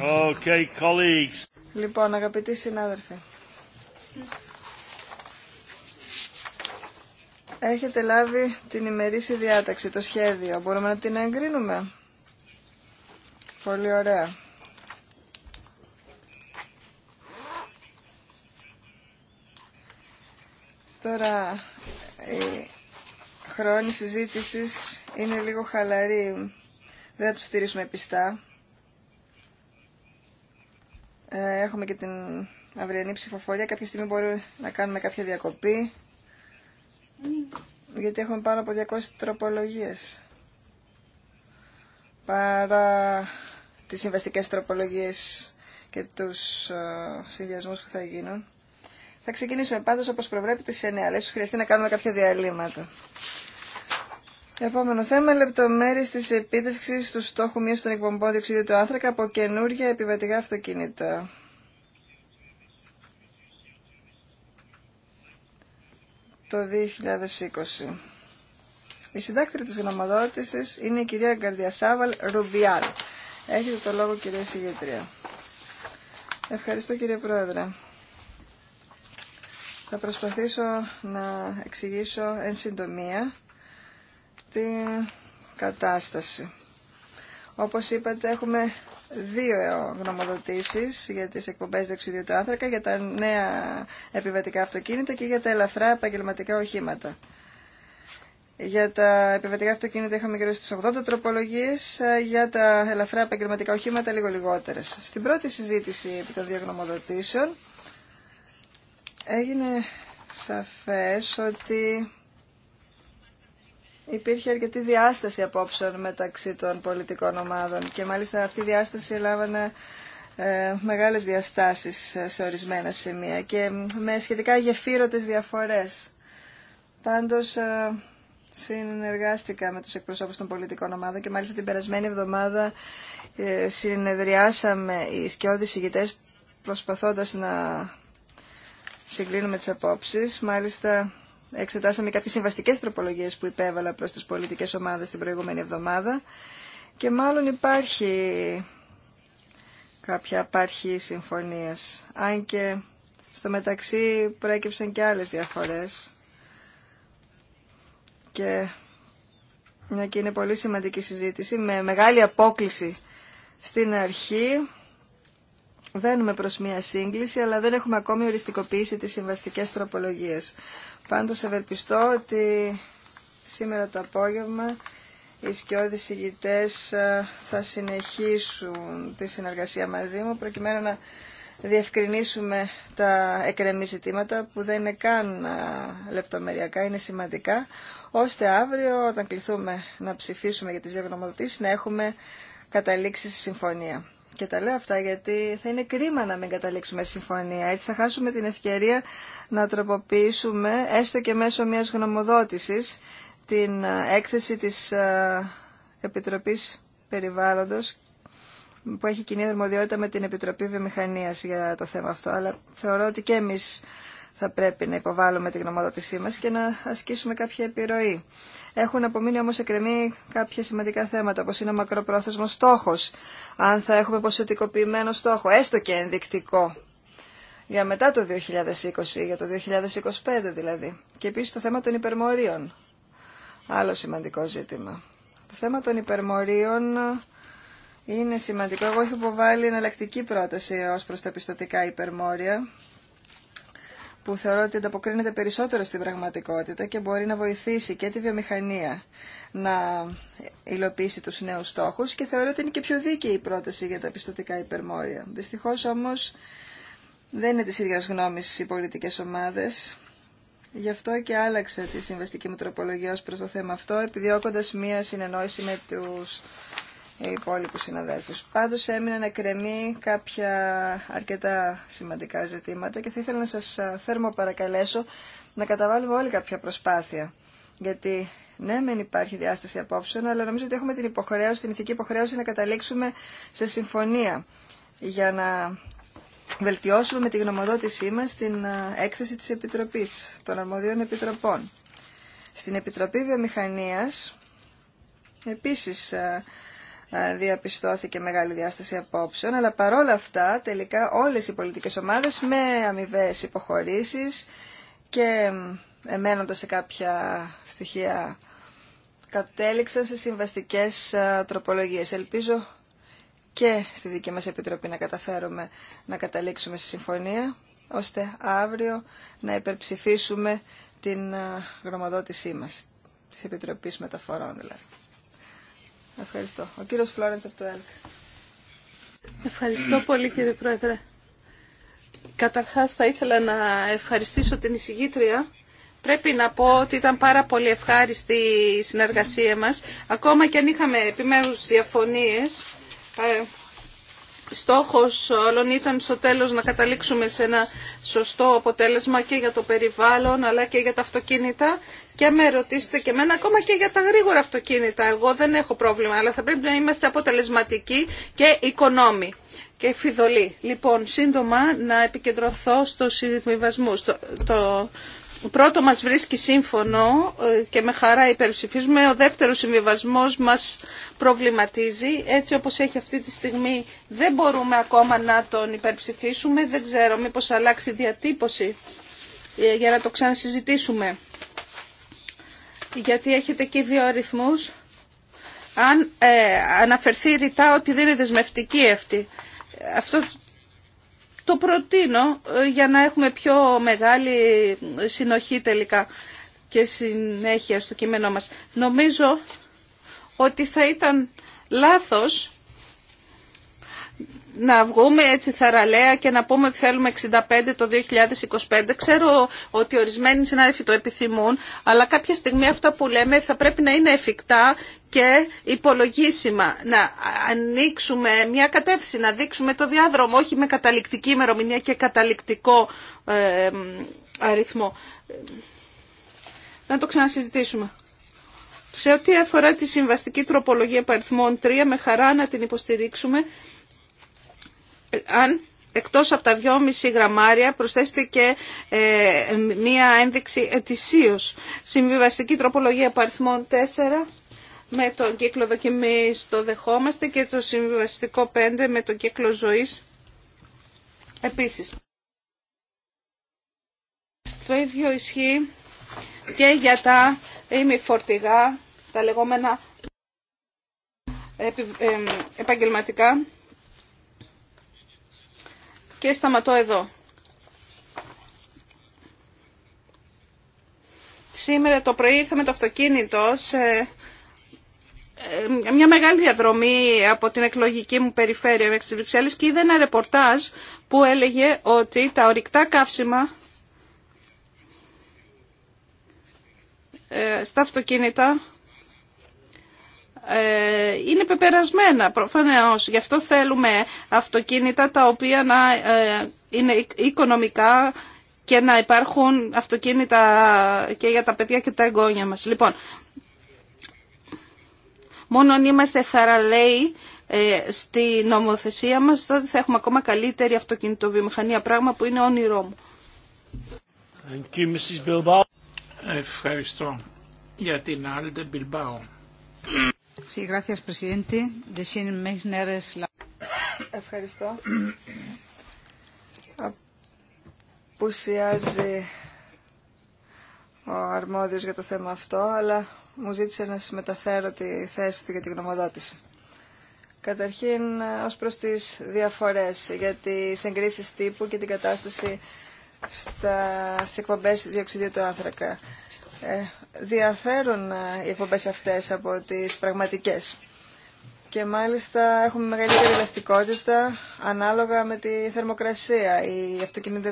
Okay, colleagues. Λοιπόν, αγαπητοί συνάδελφοι. Έχετε λάβει την ημερήσια διάταξη, το σχέδιο. Μπορούμε να την εγκρίνουμε. Πολύ ωραία. Τώρα η χρόνη συζήτησης είναι λίγο χαλαρή δεν θα τους στηρίσουμε πιστά. Ε, έχουμε και την αυριανή ψηφοφορία. Κάποια στιγμή μπορούμε να κάνουμε κάποια διακοπή. Γιατί έχουμε πάνω από 200 τροπολογίες. Παρά τις συμβαστικές τροπολογίες και τους ε, συνδυασμούς που θα γίνουν. Θα ξεκινήσουμε πάντως όπως προβλέπετε σε νέα. Αλλά χρειαστεί να κάνουμε κάποια διαλύματα. Επόμενο θέμα, λεπτομέρειε τη επίτευξη του στόχου μείωση των εκπομπών διοξιδίου του άνθρακα από καινούργια επιβατικά αυτοκίνητα. Το 2020. Η συντάκτρια της γνωμοδότηση είναι η κυρία Γκαρδιασάβαλ Ρουμπιάλ. Έχετε το λόγο κυρία Συγγετρία. Ευχαριστώ κύριε Πρόεδρε. Θα προσπαθήσω να εξηγήσω εν συντομία την κατάσταση. Όπως είπατε, έχουμε δύο γνωμοδοτήσεις για τις εκπομπές διοξιδίου του άνθρακα, για τα νέα επιβατικά αυτοκίνητα και για τα ελαφρά επαγγελματικά οχήματα. Για τα επιβατικά αυτοκίνητα είχαμε γύρω στις 80 τροπολογίες, για τα ελαφρά επαγγελματικά οχήματα λίγο λιγότερες. Στην πρώτη συζήτηση επί των δύο γνωμοδοτήσεων έγινε σαφές ότι υπήρχε αρκετή διάσταση απόψεων μεταξύ των πολιτικών ομάδων και μάλιστα αυτή η διάσταση έλαβανε ε, μεγάλες διαστάσεις σε ορισμένα σημεία και με σχετικά γεφύρωτες διαφορές. Πάντως ε, συνεργάστηκα με τους εκπροσώπους των πολιτικών ομάδων και μάλιστα την περασμένη εβδομάδα ε, συνεδριάσαμε οι σκιώδεις ηγητές προσπαθώντας να συγκλίνουμε τις απόψεις. Μάλιστα εξετάσαμε κάποιες συμβαστικές τροπολογίες που υπέβαλα προς τις πολιτικές ομάδες την προηγούμενη εβδομάδα και μάλλον υπάρχει κάποια απάρχη συμφωνίας. Αν και στο μεταξύ προέκυψαν και άλλες διαφορές και μια και είναι πολύ σημαντική συζήτηση με μεγάλη απόκληση στην αρχή βαίνουμε προς μια σύγκληση, αλλά δεν έχουμε ακόμη οριστικοποιήσει τις συμβαστικές τροπολογίες. Πάντως ευελπιστώ ότι σήμερα το απόγευμα οι σκιώδεις ηγητές ε, θα συνεχίσουν τη συνεργασία μαζί μου προκειμένου να διευκρινίσουμε τα εκρεμή ζητήματα που δεν είναι καν ε, λεπτομεριακά, είναι σημαντικά, ώστε αύριο όταν κληθούμε να ψηφίσουμε για τις δύο να έχουμε καταλήξει στη συμφωνία. Και τα λέω αυτά γιατί θα είναι κρίμα να μην καταλήξουμε συμφωνία. Έτσι θα χάσουμε την ευκαιρία να τροποποιήσουμε, έστω και μέσω μιας γνωμοδότησης, την ε, έκθεση της ε, Επιτροπής Περιβάλλοντος που έχει κοινή δερμοδιότητα με την Επιτροπή Βιομηχανίας για το θέμα αυτό. Αλλά θεωρώ ότι και εμείς θα πρέπει να υποβάλουμε τη γνωμοδότησή μας και να ασκήσουμε κάποια επιρροή. Έχουν απομείνει όμως εκκρεμεί κάποια σημαντικά θέματα, όπως είναι ο μακροπρόθεσμος στόχος, αν θα έχουμε ποσοτικοποιημένο στόχο, έστω και ενδεικτικό, για μετά το 2020, για το 2025 δηλαδή. Και επίσης το θέμα των υπερμορίων, άλλο σημαντικό ζήτημα. Το θέμα των υπερμορίων είναι σημαντικό. Εγώ έχω υποβάλει εναλλακτική πρόταση ως προς τα πιστοτικά υπερμόρια που θεωρώ ότι ανταποκρίνεται περισσότερο στην πραγματικότητα και μπορεί να βοηθήσει και τη βιομηχανία να υλοποιήσει τους νέους στόχους και θεωρώ ότι είναι και πιο δίκαιη η πρόταση για τα πιστοτικά υπερμόρια. Δυστυχώς όμως δεν είναι της ίδιας γνώμης οι πολιτικές ομάδες. Γι' αυτό και άλλαξα τη συμβαστική μου τροπολογία ως προς το θέμα αυτό, επιδιώκοντας μία συνεννόηση με τους οι υπόλοιπους συναδέλφους. Πάντως να κρεμεί κάποια αρκετά σημαντικά ζητήματα και θα ήθελα να σας θέρμο παρακαλέσω να καταβάλουμε όλοι κάποια προσπάθεια. Γιατί ναι, δεν υπάρχει διάσταση απόψεων, αλλά νομίζω ότι έχουμε την υποχρέωση, την ηθική υποχρέωση να καταλήξουμε σε συμφωνία για να βελτιώσουμε με τη γνωμοδότησή μα την έκθεση τη επιτροπή, των αρμοδίων επιτροπών. Στην Επιτροπή Βιομηχανία, επίση διαπιστώθηκε μεγάλη διάσταση απόψεων, αλλά παρόλα αυτά τελικά όλες οι πολιτικές ομάδες με αμοιβέ υποχωρήσεις και εμένοντα σε κάποια στοιχεία κατέληξαν σε συμβαστικές τροπολογίες. Ελπίζω και στη δική μας Επιτροπή να καταφέρουμε να καταλήξουμε στη συμφωνία, ώστε αύριο να υπερψηφίσουμε την γνωμοδότησή μας, της Επιτροπής Μεταφορών δηλαδή. Ευχαριστώ. Ο κύριο Φλόρεντ από το ΕΛΚ. Ευχαριστώ πολύ κύριε Πρόεδρε. Καταρχάς θα ήθελα να ευχαριστήσω την εισηγήτρια. Πρέπει να πω ότι ήταν πάρα πολύ ευχάριστη η συνεργασία μας. Ακόμα και αν είχαμε επιμέρους διαφωνίες, ε, στόχος όλων ήταν στο τέλος να καταλήξουμε σε ένα σωστό αποτέλεσμα και για το περιβάλλον αλλά και για τα αυτοκίνητα και με ρωτήσετε και εμένα, ακόμα και για τα γρήγορα αυτοκίνητα, εγώ δεν έχω πρόβλημα, αλλά θα πρέπει να είμαστε αποτελεσματικοί και οικονόμοι και φιδωλοί. Λοιπόν, σύντομα να επικεντρωθώ στο συμβιβασμού. Το, πρώτο μας βρίσκει σύμφωνο ε, και με χαρά υπερψηφίζουμε. Ο δεύτερος συμβιβασμός μας προβληματίζει. Έτσι όπως έχει αυτή τη στιγμή δεν μπορούμε ακόμα να τον υπερψηφίσουμε. Δεν ξέρω μήπως αλλάξει η διατύπωση ε, για να το ξανασυζητήσουμε γιατί έχετε και δύο αριθμούς. Αν ε, αναφερθεί ρητά ότι δεν είναι δεσμευτική αυτή. Αυτό το προτείνω ε, για να έχουμε πιο μεγάλη συνοχή τελικά και συνέχεια στο κείμενό μας. Νομίζω ότι θα ήταν λάθος να βγούμε έτσι θαραλέα και να πούμε ότι θέλουμε 65 το 2025. Ξέρω ότι ορισμένοι συνάδελφοι το επιθυμούν, αλλά κάποια στιγμή αυτά που λέμε θα πρέπει να είναι εφικτά και υπολογίσιμα. Να ανοίξουμε μια κατεύθυνση, να δείξουμε το διάδρομο, όχι με καταληκτική ημερομηνία και καταληκτικό ε, αριθμό. Να το ξανασυζητήσουμε. Σε ό,τι αφορά τη συμβαστική τροπολογία παριθμών 3, με χαρά να την υποστηρίξουμε αν εκτός από τα 2,5 γραμμάρια προσθέστηκε ε, μία ένδειξη ετησίως. Συμβιβαστική τροπολογία παριθμών 4 με τον κύκλο δοκιμής το δεχόμαστε και το συμβιβαστικό 5 με τον κύκλο ζωής επίσης. Το ίδιο ισχύει και για τα ημιφορτηγά, τα λεγόμενα επαγγελματικά και σταματώ εδώ. Σήμερα το πρωί ήρθα το αυτοκίνητο σε ε, μια μεγάλη διαδρομή από την εκλογική μου περιφέρεια μέχρι τις Βρυξέλλες και είδα ένα ρεπορτάζ που έλεγε ότι τα ορυκτά καύσιμα ε, στα αυτοκίνητα ε, είναι πεπερασμένα προφανώς. Γι' αυτό θέλουμε αυτοκίνητα τα οποία να ε, είναι οικονομικά και να υπάρχουν αυτοκίνητα και για τα παιδιά και τα εγγόνια μας. Λοιπόν, μόνο αν είμαστε θαραλέοι ε, στη νομοθεσία μας, τότε θα έχουμε ακόμα καλύτερη αυτοκινητοβιομηχανία, πράγμα που είναι όνειρό μου. Ευχαριστώ για την Άλντε Μπιλμπάου. Ευχαριστώ. Απουσιάζει ο αρμόδιος για το θέμα αυτό, αλλά μου ζήτησε να σας μεταφέρω τη θέση του για την γνωμοδότηση. Καταρχήν, ως προς τις διαφορές για τις εγκρίσεις τύπου και την κατάσταση στα, στις εκπομπές διοξιδίου του άνθρακα. Ε, διαφέρουν ε, οι εκπομπές αυτές από τις πραγματικές. Και μάλιστα έχουμε μεγαλύτερη ελαστικότητα ανάλογα με τη θερμοκρασία. Η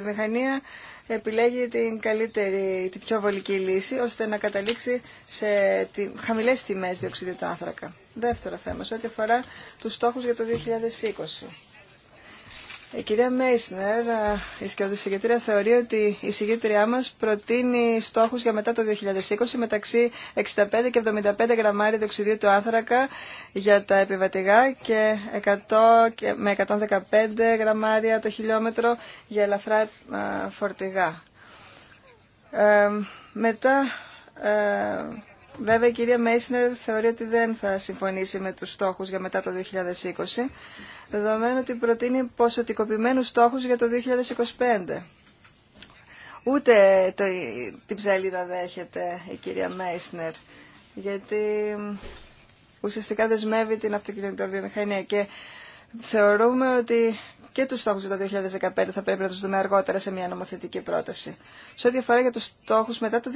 μηχανία επιλέγει την καλύτερη, την πιο βολική λύση, ώστε να καταλήξει σε χαμηλές τιμές διοξιδίου του άνθρακα. Δεύτερο θέμα, σε ό,τι αφορά τους στόχους για το 2020. Η ε, κυρία Μέισνερ, ε, η σκιοδησηγητρία, θεωρεί ότι η συγγήτριά μας προτείνει στόχους για μετά το 2020 μεταξύ 65 και 75 γραμμάρια διοξιδίου του άνθρακα για τα επιβατηγά και 100 με 115 γραμμάρια το χιλιόμετρο για ελαφρά ε, φορτηγά. μετά, ε, βέβαια, η κυρία Μέισνερ θεωρεί ότι δεν θα συμφωνήσει με τους στόχους για μετά το 2020 δεδομένου ότι προτείνει ποσοτικοποιημένους στόχους για το 2025. Ούτε το, την ψαλίδα δέχεται η κυρία Μέισνερ, γιατί ουσιαστικά δεσμεύει την αυτοκινητοβιομηχανία και θεωρούμε ότι και τους στόχους για το 2015 θα πρέπει να τους δούμε αργότερα σε μια νομοθετική πρόταση. Σε ό,τι αφορά για τους στόχους μετά το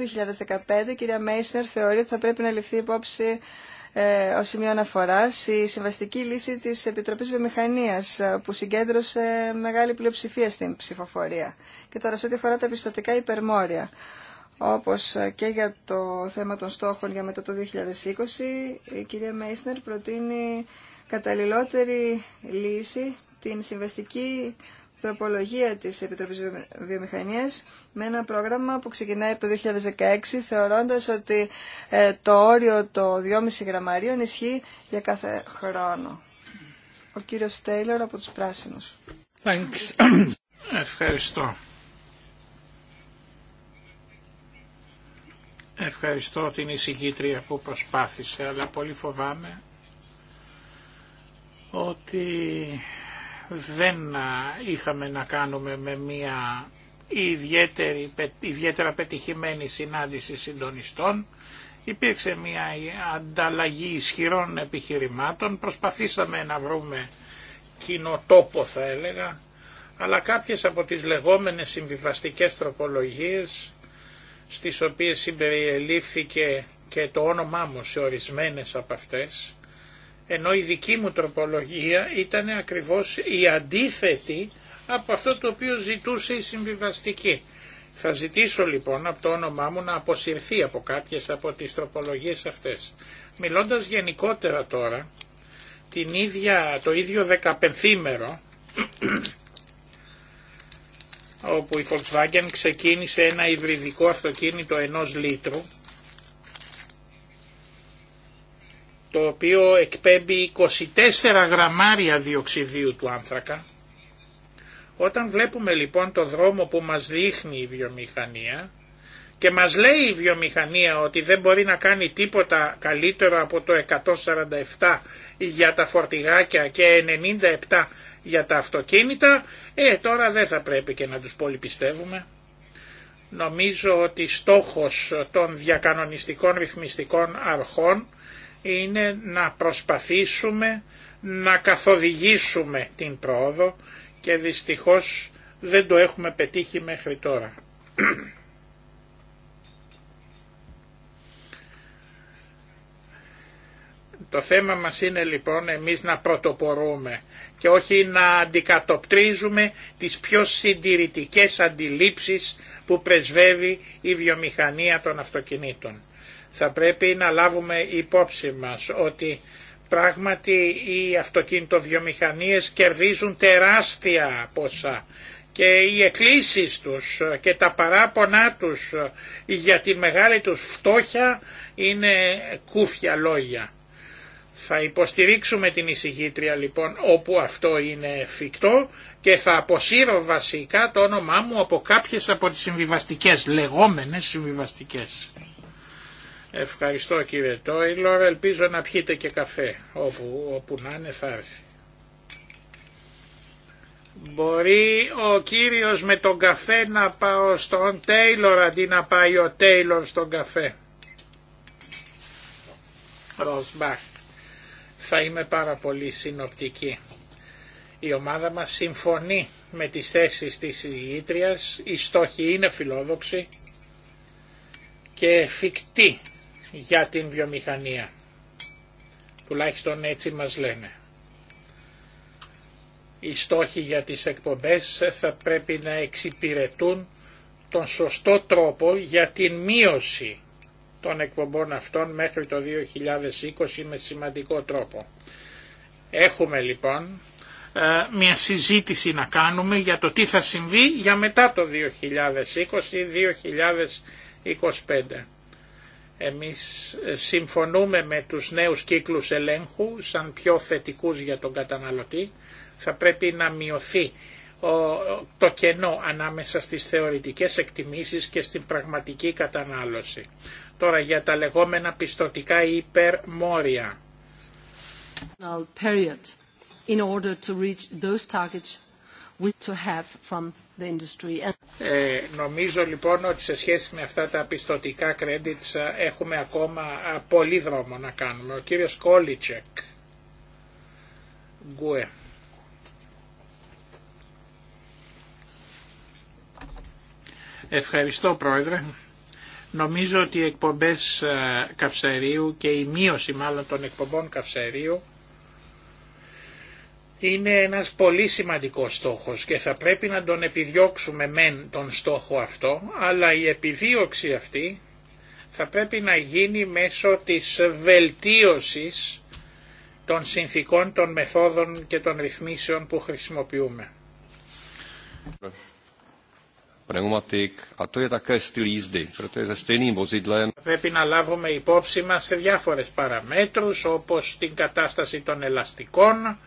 2015, η κυρία Μέισνερ θεωρεί ότι θα πρέπει να ληφθεί υπόψη ε, ως σημείο αναφοράς η συμβαστική λύση της Επιτροπής Βιομηχανίας ε, που συγκέντρωσε μεγάλη πλειοψηφία στην ψηφοφορία. Και τώρα σε ό,τι αφορά τα πιστοτικά υπερμόρια, όπως ε, και για το θέμα των στόχων για μετά το 2020, η κυρία Μέισνερ προτείνει καταλληλότερη λύση την συμβαστική τροπολογία της Επιτροπής Βιομηχανίας με ένα πρόγραμμα που ξεκινάει από το 2016 θεωρώντας ότι ε, το όριο το 2,5 γραμμαρίων ισχύει για κάθε χρόνο. Ο κύριος Τέιλορ από τους Πράσινους. Ευχαριστώ. Ευχαριστώ την εισηγήτρια που προσπάθησε, αλλά πολύ φοβάμαι ότι δεν είχαμε να κάνουμε με μια ιδιαίτερη, ιδιαίτερα πετυχημένη συνάντηση συντονιστών. Υπήρξε μια ανταλλαγή ισχυρών επιχειρημάτων, προσπαθήσαμε να βρούμε κοινοτόπο θα έλεγα, αλλά κάποιες από τις λεγόμενες συμβιβαστικές τροπολογίες στις οποίες συμπεριελήφθηκε και το όνομά μου σε ορισμένες από αυτές, ενώ η δική μου τροπολογία ήταν ακριβώς η αντίθετη από αυτό το οποίο ζητούσε η συμβιβαστική. Θα ζητήσω λοιπόν από το όνομά μου να αποσυρθεί από κάποιες από τις τροπολογίες αυτές. Μιλώντας γενικότερα τώρα, την ίδια, το ίδιο δεκαπενθήμερο όπου η Volkswagen ξεκίνησε ένα υβριδικό αυτοκίνητο ενός λίτρου το οποίο εκπέμπει 24 γραμμάρια διοξιδίου του άνθρακα. Όταν βλέπουμε λοιπόν το δρόμο που μας δείχνει η βιομηχανία και μας λέει η βιομηχανία ότι δεν μπορεί να κάνει τίποτα καλύτερο από το 147 για τα φορτηγάκια και 97 για τα αυτοκίνητα, ε, τώρα δεν θα πρέπει και να τους πολυπιστεύουμε. Νομίζω ότι στόχος των διακανονιστικών ρυθμιστικών αρχών είναι να προσπαθήσουμε να καθοδηγήσουμε την πρόοδο και δυστυχώς δεν το έχουμε πετύχει μέχρι τώρα. Το θέμα μας είναι λοιπόν εμείς να πρωτοπορούμε και όχι να αντικατοπτρίζουμε τις πιο συντηρητικές αντιλήψεις που πρεσβεύει η βιομηχανία των αυτοκινήτων. Θα πρέπει να λάβουμε υπόψη μας ότι πράγματι οι αυτοκινητοβιομηχανίες κερδίζουν τεράστια ποσά και οι εκκλήσεις τους και τα παράπονά τους για τη μεγάλη τους φτώχεια είναι κούφια λόγια. Θα υποστηρίξουμε την εισηγήτρια λοιπόν όπου αυτό είναι εφικτό και θα αποσύρω βασικά το όνομά μου από κάποιες από τις συμβιβαστικές, λεγόμενες συμβιβαστικές. Ευχαριστώ κύριε Τόιλορ. Ελπίζω να πιείτε και καφέ. Όπου, όπου να είναι θα έρθει. Μπορεί ο κύριος με τον καφέ να πάω στον Τέιλορ αντί να πάει ο Τέιλορ στον καφέ. Ροσμπάχ. Θα είμαι πάρα πολύ συνοπτική. Η ομάδα μας συμφωνεί με τις θέσεις της συζητήτριας. η στόχη είναι φιλόδοξη και εφικτή για την βιομηχανία. Τουλάχιστον έτσι μας λένε. Οι στόχοι για τις εκπομπές θα πρέπει να εξυπηρετούν τον σωστό τρόπο για την μείωση των εκπομπών αυτών μέχρι το 2020 με σημαντικό τρόπο. Έχουμε λοιπόν ε, μια συζήτηση να κάνουμε για το τι θα συμβεί για μετά το 2020 ή 2025. Εμείς συμφωνούμε με τους νέους κύκλους ελέγχου σαν πιο θετικούς για τον καταναλωτή. Θα πρέπει να μειωθεί το κενό ανάμεσα στις θεωρητικές εκτιμήσεις και στην πραγματική κατανάλωση. Τώρα για τα λεγόμενα πιστοτικά υπερμόρια. Ε, νομίζω λοιπόν ότι σε σχέση με αυτά τα πιστοτικά credits ε, έχουμε ακόμα ε, πολύ δρόμο να κάνουμε. Ο κύριος Κόλιτσεκ. Ευχαριστώ Πρόεδρε. Νομίζω ότι οι εκπομπές καυσαερίου και η μείωση μάλλον των εκπομπών καυσαερίου είναι ένας πολύ σημαντικός στόχος και θα πρέπει να τον επιδιώξουμε μεν τον στόχο αυτό, αλλά η επιδίωξη αυτή θα πρέπει να γίνει μέσω της βελτίωσης των συνθήκων, των μεθόδων και των ρυθμίσεων που χρησιμοποιούμε. Πρέπει να λάβουμε υπόψη μας σε διάφορες παραμέτρους όπως την κατάσταση των ελαστικών,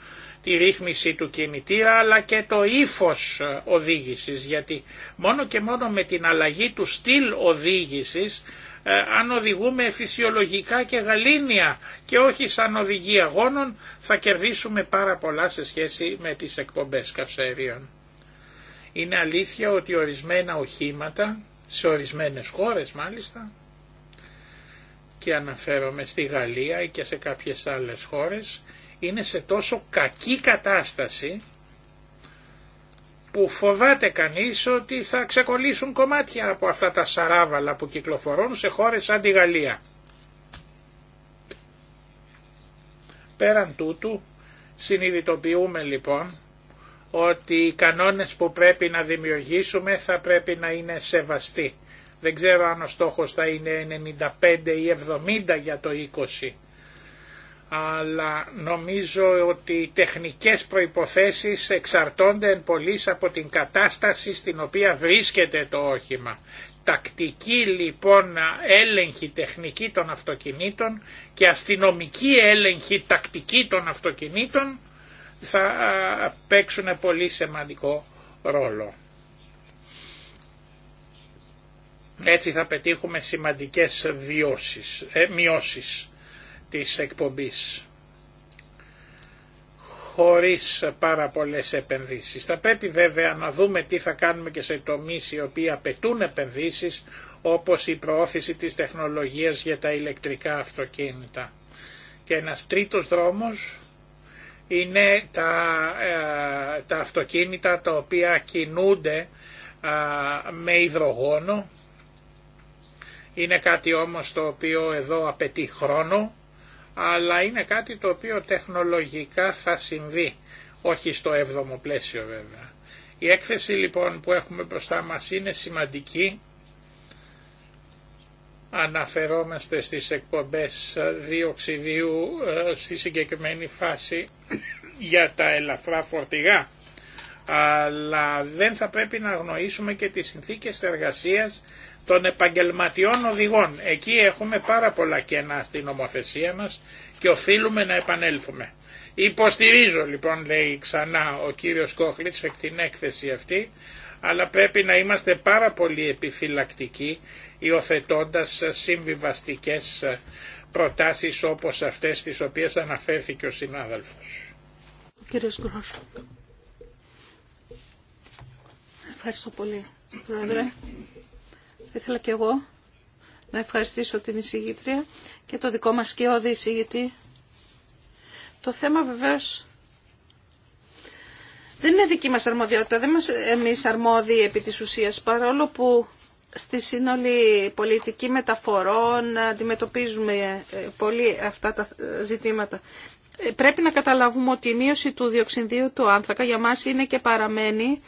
τη ρύθμιση του κινητήρα αλλά και το ύφος οδήγησης γιατί μόνο και μόνο με την αλλαγή του στυλ οδήγησης ε, αν οδηγούμε φυσιολογικά και γαλήνια και όχι σαν οδηγία αγώνων θα κερδίσουμε πάρα πολλά σε σχέση με τις εκπομπές καυσαερίων. Είναι αλήθεια ότι ορισμένα οχήματα, σε ορισμένες χώρες μάλιστα, και αναφέρομαι στη Γαλλία και σε κάποιες άλλες χώρες, είναι σε τόσο κακή κατάσταση που φοβάται κανείς ότι θα ξεκολλήσουν κομμάτια από αυτά τα σαράβαλα που κυκλοφορούν σε χώρες σαν τη Γαλλία. Πέραν τούτου συνειδητοποιούμε λοιπόν ότι οι κανόνες που πρέπει να δημιουργήσουμε θα πρέπει να είναι σεβαστοί. Δεν ξέρω αν ο στόχος θα είναι 95 ή 70 για το αλλά νομίζω ότι οι τεχνικές προϋποθέσεις εξαρτώνται εν πολλής από την κατάσταση στην οποία βρίσκεται το όχημα. Τακτική λοιπόν έλεγχη τεχνική των αυτοκινήτων και αστυνομική έλεγχη τακτική των αυτοκινήτων θα παίξουν πολύ σημαντικό ρόλο. Έτσι θα πετύχουμε σημαντικές βιώσεις, ε, μειώσεις της εκπομπής χωρίς πάρα πολλές επενδύσεις. Θα πρέπει βέβαια να δούμε τι θα κάνουμε και σε τομείς οι οποίοι απαιτούν επενδύσεις όπως η προώθηση της τεχνολογίας για τα ηλεκτρικά αυτοκίνητα. Και ένας τρίτος δρόμος είναι τα, ε, αυτοκίνητα τα οποία κινούνται με υδρογόνο. Είναι κάτι όμως το οποίο εδώ απαιτεί χρόνο αλλά είναι κάτι το οποίο τεχνολογικά θα συμβεί, όχι στο έβδομο πλαίσιο βέβαια. Η έκθεση λοιπόν που έχουμε μπροστά μας είναι σημαντική, αναφερόμαστε στις εκπομπές διοξιδίου ε, στη συγκεκριμένη φάση για τα ελαφρά φορτηγά, αλλά δεν θα πρέπει να αγνοήσουμε και τις συνθήκες εργασίας των επαγγελματιών οδηγών. Εκεί έχουμε πάρα πολλά κενά στην νομοθεσία μας και οφείλουμε να επανέλθουμε. Υποστηρίζω λοιπόν λέει ξανά ο κύριος Κόχλητς εκ την έκθεση αυτή αλλά πρέπει να είμαστε πάρα πολύ επιφυλακτικοί υιοθετώντα συμβιβαστικές προτάσεις όπως αυτές τις οποίες αναφέρθηκε ο συνάδελφος. Ευχαριστώ πολύ, θα ήθελα και εγώ να ευχαριστήσω την εισηγήτρια και το δικό μας όδη εισηγητή. Το θέμα βεβαίως δεν είναι δική μας αρμοδιότητα, δεν είμαστε εμείς αρμόδιοι επί της ουσίας, παρόλο που στη σύνολη πολιτική μεταφορών αντιμετωπίζουμε ε, πολύ αυτά τα ζητήματα. Ε, πρέπει να καταλάβουμε ότι η μείωση του διοξυνδίου του άνθρακα για μας είναι και παραμένει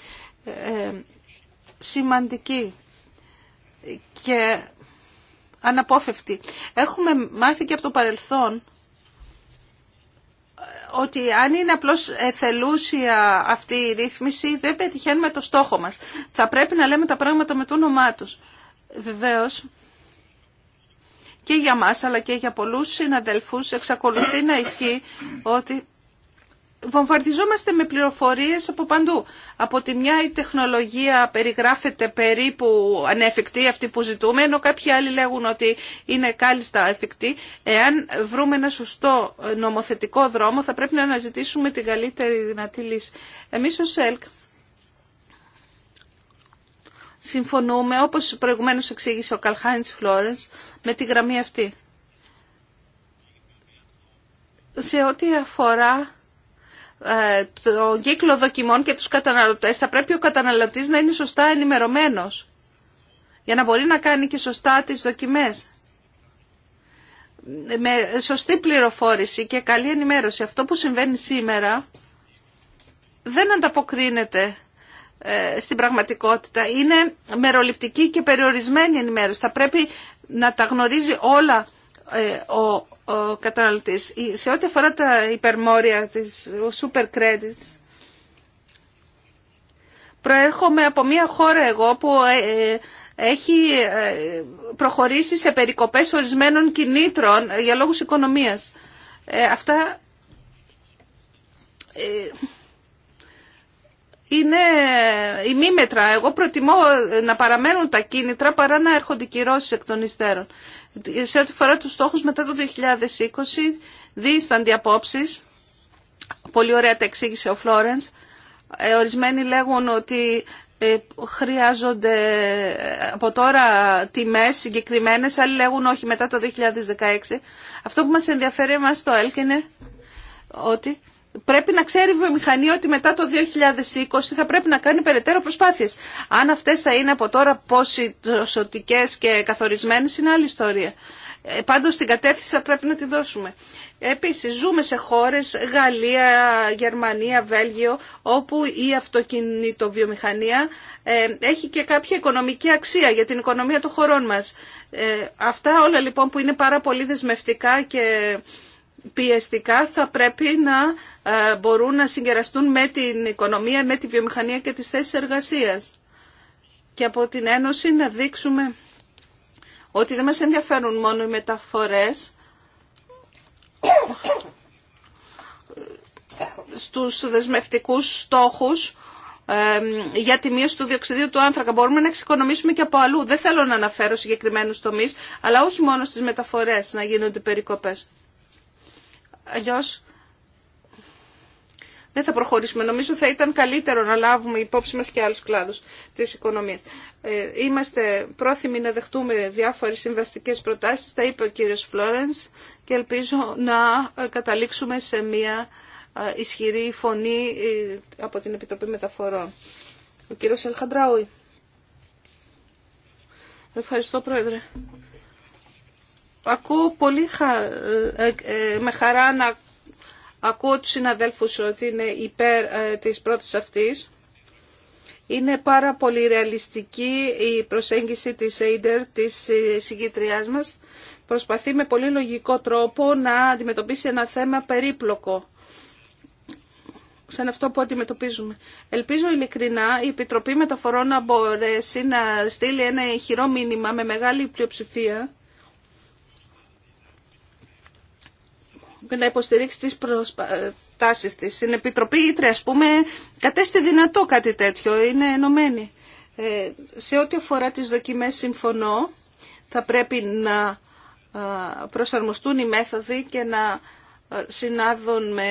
ε, σημαντική και αναπόφευτη. Έχουμε μάθει και από το παρελθόν ότι αν είναι απλώς εθελούσια αυτή η ρύθμιση δεν πετυχαίνουμε το στόχο μας. Θα πρέπει να λέμε τα πράγματα με το όνομά τους. Βεβαίως και για μας αλλά και για πολλούς συναδελφούς εξακολουθεί να ισχύει ότι βομβαρδιζόμαστε με πληροφορίες από παντού. Από τη μια η τεχνολογία περιγράφεται περίπου ανέφικτη, αυτή που ζητούμε, ενώ κάποιοι άλλοι λέγουν ότι είναι κάλλιστα εφικτή. Εάν βρούμε ένα σωστό νομοθετικό δρόμο θα πρέπει να αναζητήσουμε την καλύτερη δυνατή λύση. Εμείς ως ΕΛΚ συμφωνούμε, όπως προηγουμένως εξήγησε ο Καλχάιντς Φλόρενς, με τη γραμμή αυτή. Σε ό,τι αφορά ε, το κύκλο δοκιμών και τους καταναλωτές, θα πρέπει ο καταναλωτής να είναι σωστά ενημερωμένος για να μπορεί να κάνει και σωστά τις δοκιμές. Με σωστή πληροφόρηση και καλή ενημέρωση. Αυτό που συμβαίνει σήμερα δεν ανταποκρίνεται ε, στην πραγματικότητα. Είναι μεροληπτική και περιορισμένη ενημέρωση. Θα πρέπει να τα γνωρίζει όλα ε, ο ο καταναλωτής. Σε ό,τι αφορά τα υπερμόρια της super credits, προέρχομαι από μια χώρα εγώ που ε, ε, έχει ε, προχωρήσει σε περικοπές ορισμένων κινήτρων για λόγους οικονομίας. αυτά είναι ημίμετρα. Εγώ προτιμώ να παραμένουν τα κίνητρα παρά να έρχονται κυρώσεις εκ των υστέρων. Σε ό,τι φορά τους στόχους μετά το 2020, δίστανται απόψεις. Πολύ ωραία τα εξήγησε ο Φλόρενς. Ε, ορισμένοι λέγουν ότι ε, χρειάζονται ε, από τώρα τιμές συγκεκριμένε, άλλοι λέγουν όχι μετά το 2016. Αυτό που μας ενδιαφέρει εμάς το ΕΛΚ είναι ότι πρέπει να ξέρει η βιομηχανία ότι μετά το 2020 θα πρέπει να κάνει περαιτέρω προσπάθειες. Αν αυτές θα είναι από τώρα ποσοτικές και καθορισμένες είναι άλλη ιστορία. Ε, πάντως την κατεύθυνση θα πρέπει να τη δώσουμε. Επίσης ζούμε σε χώρες Γαλλία, Γερμανία, Βέλγιο όπου η αυτοκινητοβιομηχανία ε, έχει και κάποια οικονομική αξία για την οικονομία των χωρών μας. Ε, αυτά όλα λοιπόν που είναι πάρα πολύ δεσμευτικά και πιεστικά θα πρέπει να ε, μπορούν να συγκεραστούν με την οικονομία, με τη βιομηχανία και τις θέσεις εργασίας. Και από την Ένωση να δείξουμε ότι δεν μας ενδιαφέρουν μόνο οι μεταφορές στους δεσμευτικούς στόχους ε, για τη μείωση του διοξιδίου του άνθρακα. Μπορούμε να εξοικονομήσουμε και από αλλού. Δεν θέλω να αναφέρω συγκεκριμένους τομείς, αλλά όχι μόνο στις μεταφορές να γίνονται περικοπές. Αλλιώς δεν θα προχωρήσουμε. Νομίζω θα ήταν καλύτερο να λάβουμε υπόψη μας και άλλους κλάδους της οικονομίας. Ε, είμαστε πρόθυμοι να δεχτούμε διάφορες συμβαστικές προτάσεις, τα είπε ο κύριος Φλόρενς και ελπίζω να ε, καταλήξουμε σε μια ε, ισχυρή φωνή από την Επιτροπή Μεταφορών. Ο κύριος Ελχαντράουι. Ευχαριστώ Πρόεδρε ακούω πολύ ε, ε, με χαρά να ακούω τους συναδέλφους ότι είναι υπέρ ε, της πρώτης αυτής. Είναι πάρα πολύ ρεαλιστική η προσέγγιση της ΣΕΙΔΕΡ, της συγκήτριάς μας. Προσπαθεί με πολύ λογικό τρόπο να αντιμετωπίσει ένα θέμα περίπλοκο σαν αυτό που αντιμετωπίζουμε. Ελπίζω ειλικρινά η Επιτροπή Μεταφορών να μπορέσει να στείλει ένα χειρό μήνυμα με μεγάλη πλειοψηφία να υποστηρίξει τις προστάσεις της. Στην Επιτροπή Ήτρε, ας πούμε, κατέστη δυνατό κάτι τέτοιο, είναι ενωμένη. Ε, σε ό,τι αφορά τις δοκιμές συμφωνώ, θα πρέπει να ε, προσαρμοστούν οι μέθοδοι και να ε, συνάδουν με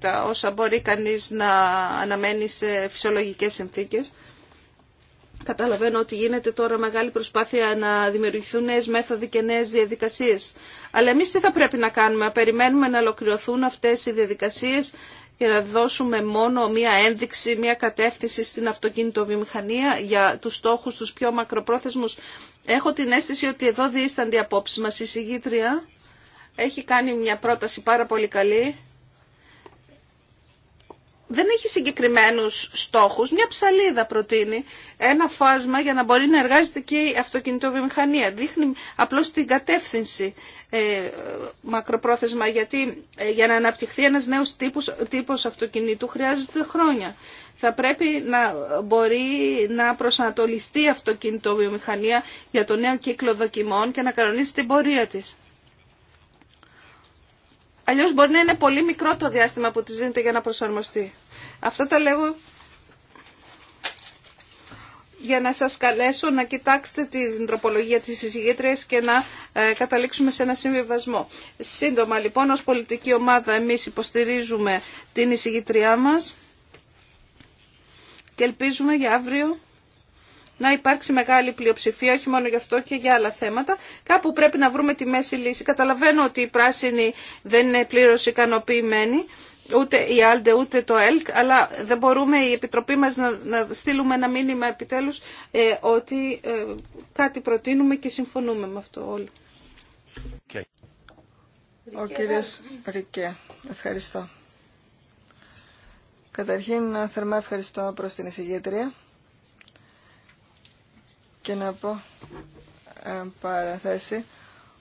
τα όσα μπορεί κανείς να αναμένει σε φυσιολογικές συνθήκες. Καταλαβαίνω ότι γίνεται τώρα μεγάλη προσπάθεια να δημιουργηθούν νέε μέθοδοι και νέε διαδικασίε. Αλλά εμεί τι θα πρέπει να κάνουμε, περιμένουμε να ολοκληρωθούν αυτέ οι διαδικασίε και να δώσουμε μόνο μία ένδειξη, μία κατεύθυνση στην αυτοκινητοβιομηχανία για τους στόχους τους πιο μακροπρόθεσμους. Έχω την αίσθηση ότι εδώ διήστανται οι απόψεις μας. Η συγγήτρια έχει κάνει μια πρόταση πάρα πολύ καλή δεν έχει συγκεκριμένους στόχους. Μια ψαλίδα προτείνει ένα φάσμα για να μπορεί να εργάζεται και η αυτοκινητοβιομηχανία. Δείχνει απλώς την κατεύθυνση ε, μακροπρόθεσμα γιατί ε, για να αναπτυχθεί ένας νέος τύπος, τύπος αυτοκινήτου χρειάζεται χρόνια. Θα πρέπει να μπορεί να προσανατολιστεί η αυτοκινητοβιομηχανία για το νέο κύκλο δοκιμών και να κανονίσει την πορεία της. Αλλιώ μπορεί να είναι πολύ μικρό το διάστημα που τη δίνεται για να προσαρμοστεί. Αυτό τα λέγω για να σας καλέσω να κοιτάξετε την τροπολογία της εισηγήτριας και να ε, καταλήξουμε σε ένα συμβιβασμό. Σύντομα λοιπόν ως πολιτική ομάδα εμείς υποστηρίζουμε την εισηγήτριά μας και ελπίζουμε για αύριο να υπάρξει μεγάλη πλειοψηφία, όχι μόνο γι' αυτό και για άλλα θέματα. Κάπου πρέπει να βρούμε τη μέση λύση. Καταλαβαίνω ότι οι πράσινοι δεν είναι πλήρω ικανοποιημένοι, ούτε η Άλντε ούτε το ΕΛΚ, αλλά δεν μπορούμε η Επιτροπή μας να, στείλουμε ένα μήνυμα επιτέλους ε, ότι ε, κάτι προτείνουμε και συμφωνούμε με αυτό όλοι. Ο κύριος Ρικέ, ευχαριστώ. Καταρχήν, θερμά ευχαριστώ προς την εισηγήτρια και να πω ε, παραθέσει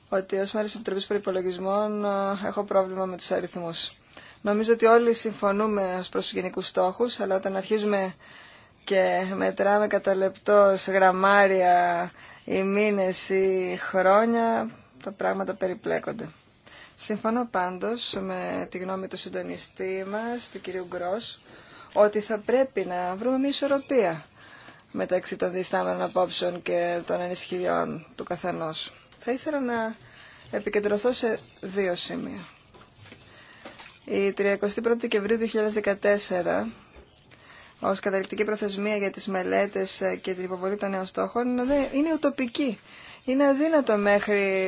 ότι ως μέρος της Επιτροπής Προϋπολογισμών ε, έχω πρόβλημα με τους αριθμούς. Νομίζω ότι όλοι συμφωνούμε ως προς τους γενικούς στόχους, αλλά όταν αρχίζουμε και μετράμε κατά λεπτό σε γραμμάρια ή μήνες ή χρόνια, τα πράγματα περιπλέκονται. Συμφωνώ πάντως με τη γνώμη του συντονιστή μας, του κυρίου Γκρός, ότι θα πρέπει να βρούμε μια ισορροπία μεταξύ των διστάμενων απόψεων και των ενισχυλιών του καθενός. Θα ήθελα να επικεντρωθώ σε δύο σημεία. Η 31η Δεκεμβρίου 2014 Ω καταληκτική προθεσμία για τις μελέτες και την υποβολή των νέων στόχων είναι ουτοπική. Είναι αδύνατο μέχρι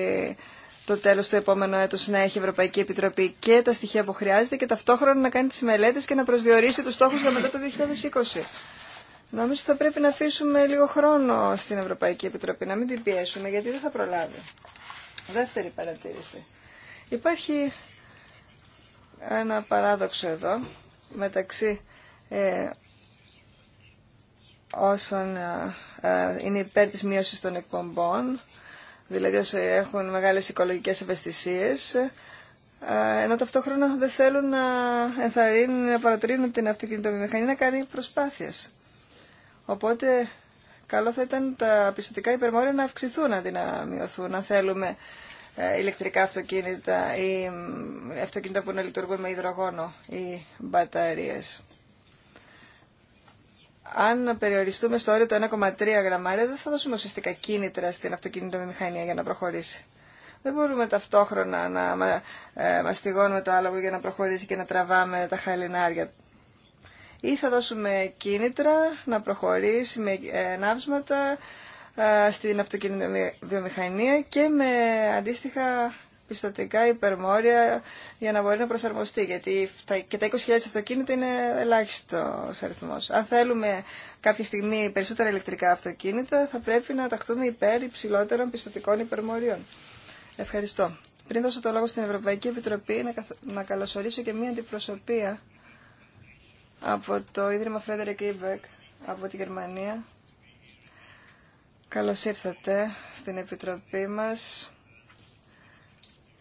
το τέλος του επόμενου έτους να έχει η Ευρωπαϊκή Επιτροπή και τα στοιχεία που χρειάζεται και ταυτόχρονα να κάνει τις μελέτες και να προσδιορίσει τους στόχους για μετά το 2020. Νομίζω θα πρέπει να αφήσουμε λίγο χρόνο στην Ευρωπαϊκή Επιτροπή, να μην την πιέσουμε, γιατί δεν θα προλάβει. Δεύτερη παρατήρηση. Υπάρχει ένα παράδοξο εδώ μεταξύ ε, όσων ε, ε, είναι υπέρ της μείωσης των εκπομπών, δηλαδή όσοι έχουν μεγάλες οικολογικές ευαισθησίες, ε, ενώ ταυτόχρονα δεν θέλουν να ενθαρρύνουν, να παρατηρούν την αυτοκινητοβιομηχανία να κάνει προσπάθειες. Οπότε καλό θα ήταν τα πιστωτικά υπερμόρια να αυξηθούν αντί να μειωθούν, να θέλουμε ε, ηλεκτρικά αυτοκίνητα ή αυτοκίνητα που να λειτουργούν με υδρογόνο ή μπαταρίες. Αν περιοριστούμε στο όριο το 1,3 γραμμάρια δεν θα δώσουμε ουσιαστικά κίνητρα στην μηχανία για να προχωρήσει. Δεν μπορούμε ταυτόχρονα να ε, μαστιγώνουμε το άλογο για να προχωρήσει και να τραβάμε τα χαλινάρια ή θα δώσουμε κίνητρα να προχωρήσει με ε, ναύσματα ε, στην αυτοκινητοβιομηχανία και με αντίστοιχα πιστοτικά υπερμόρια για να μπορεί να προσαρμοστεί. Γιατί και τα 20.000 αυτοκίνητα είναι ελάχιστο αριθμό. Αν θέλουμε κάποια στιγμή περισσότερα ηλεκτρικά αυτοκίνητα, θα πρέπει να ταχθούμε υπέρ υψηλότερων πιστοτικών υπερμόριων. Ευχαριστώ. Πριν δώσω το λόγο στην Ευρωπαϊκή Επιτροπή, να καλωσορίσω και μία αντιπροσωπεία από το Ίδρυμα Φρέντερικ Ιμπεκ από τη Γερμανία. Καλώς ήρθατε στην Επιτροπή μας.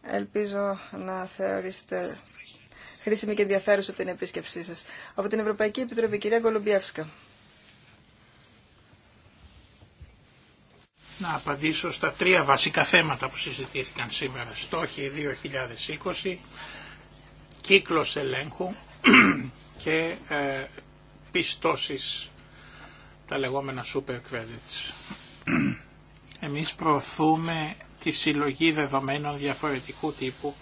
Ελπίζω να θεωρήσετε χρήσιμη και ενδιαφέρουσα την επίσκεψή σας. Από την Ευρωπαϊκή Επιτροπή, κυρία Κολουμπιεύσκα. Να απαντήσω στα τρία βασικά θέματα που συζητήθηκαν σήμερα. Στόχοι 2020, κύκλος ελέγχου και ε, πιστώσεις, τα λεγόμενα super credits. Εμείς προωθούμε τη συλλογή δεδομένων διαφορετικού τύπου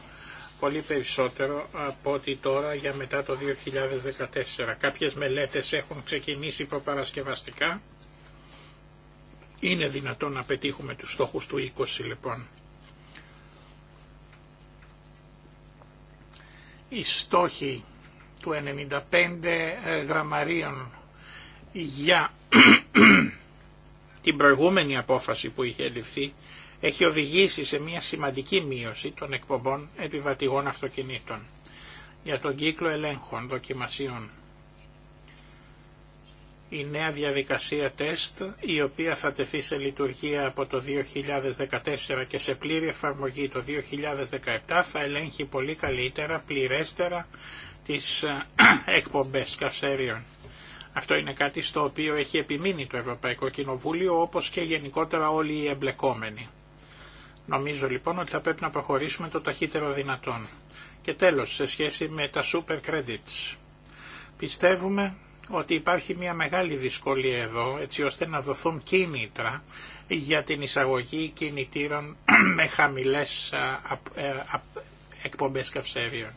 πολύ περισσότερο από ότι τώρα για μετά το 2014. Κάποιες μελέτες έχουν ξεκινήσει προπαρασκευαστικά. Είναι δυνατόν να πετύχουμε τους στόχους του 20 λοιπόν. Οι στόχοι του 95 ε, γραμμαρίων για την προηγούμενη απόφαση που είχε ληφθεί έχει οδηγήσει σε μια σημαντική μείωση των εκπομπών επιβατηγών αυτοκινήτων για τον κύκλο ελέγχων δοκιμασιών. Η νέα διαδικασία τεστ, η οποία θα τεθεί σε λειτουργία από το 2014 και σε πλήρη εφαρμογή το 2017, θα ελέγχει πολύ καλύτερα, πληρέστερα τις ε, εκπομπές καυσαερίων. Αυτό είναι κάτι στο οποίο έχει επιμείνει το Ευρωπαϊκό Κοινοβούλιο όπως και γενικότερα όλοι οι εμπλεκόμενοι. Νομίζω λοιπόν ότι θα πρέπει να προχωρήσουμε το ταχύτερο δυνατόν. Και τέλος, σε σχέση με τα super credits. Πιστεύουμε ότι υπάρχει μια μεγάλη δυσκολία εδώ, έτσι ώστε να δοθούν κίνητρα για την εισαγωγή κινητήρων με χαμηλές ε, ε, εκπομπές καυσέριων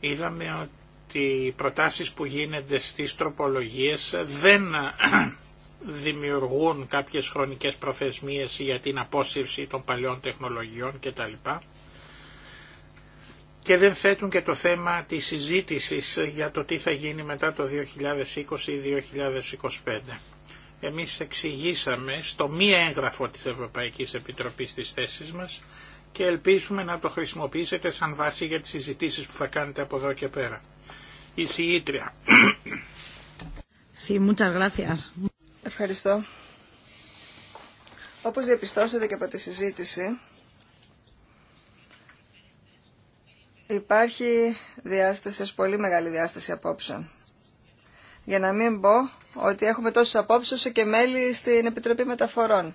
είδαμε ότι οι προτάσεις που γίνονται στις τροπολογίες δεν δημιουργούν κάποιες χρονικές προθεσμίες για την απόσυρση των παλιών τεχνολογιών κτλ. Και δεν θέτουν και το θέμα της συζήτησης για το τι θα γίνει μετά το 2020 ή 2025. Εμείς εξηγήσαμε στο μη έγγραφο της Ευρωπαϊκής Επιτροπής της θέσης μας και ελπίζουμε να το χρησιμοποιήσετε σαν βάση για τις συζητήσεις που θα κάνετε από εδώ και πέρα. Η συγήτρια. Ευχαριστώ. Όπως διαπιστώσατε και από τη συζήτηση, υπάρχει διάσταση, πολύ μεγάλη διάσταση απόψεων. Για να μην πω ότι έχουμε τόσους απόψεις όσο και μέλη στην Επιτροπή Μεταφορών.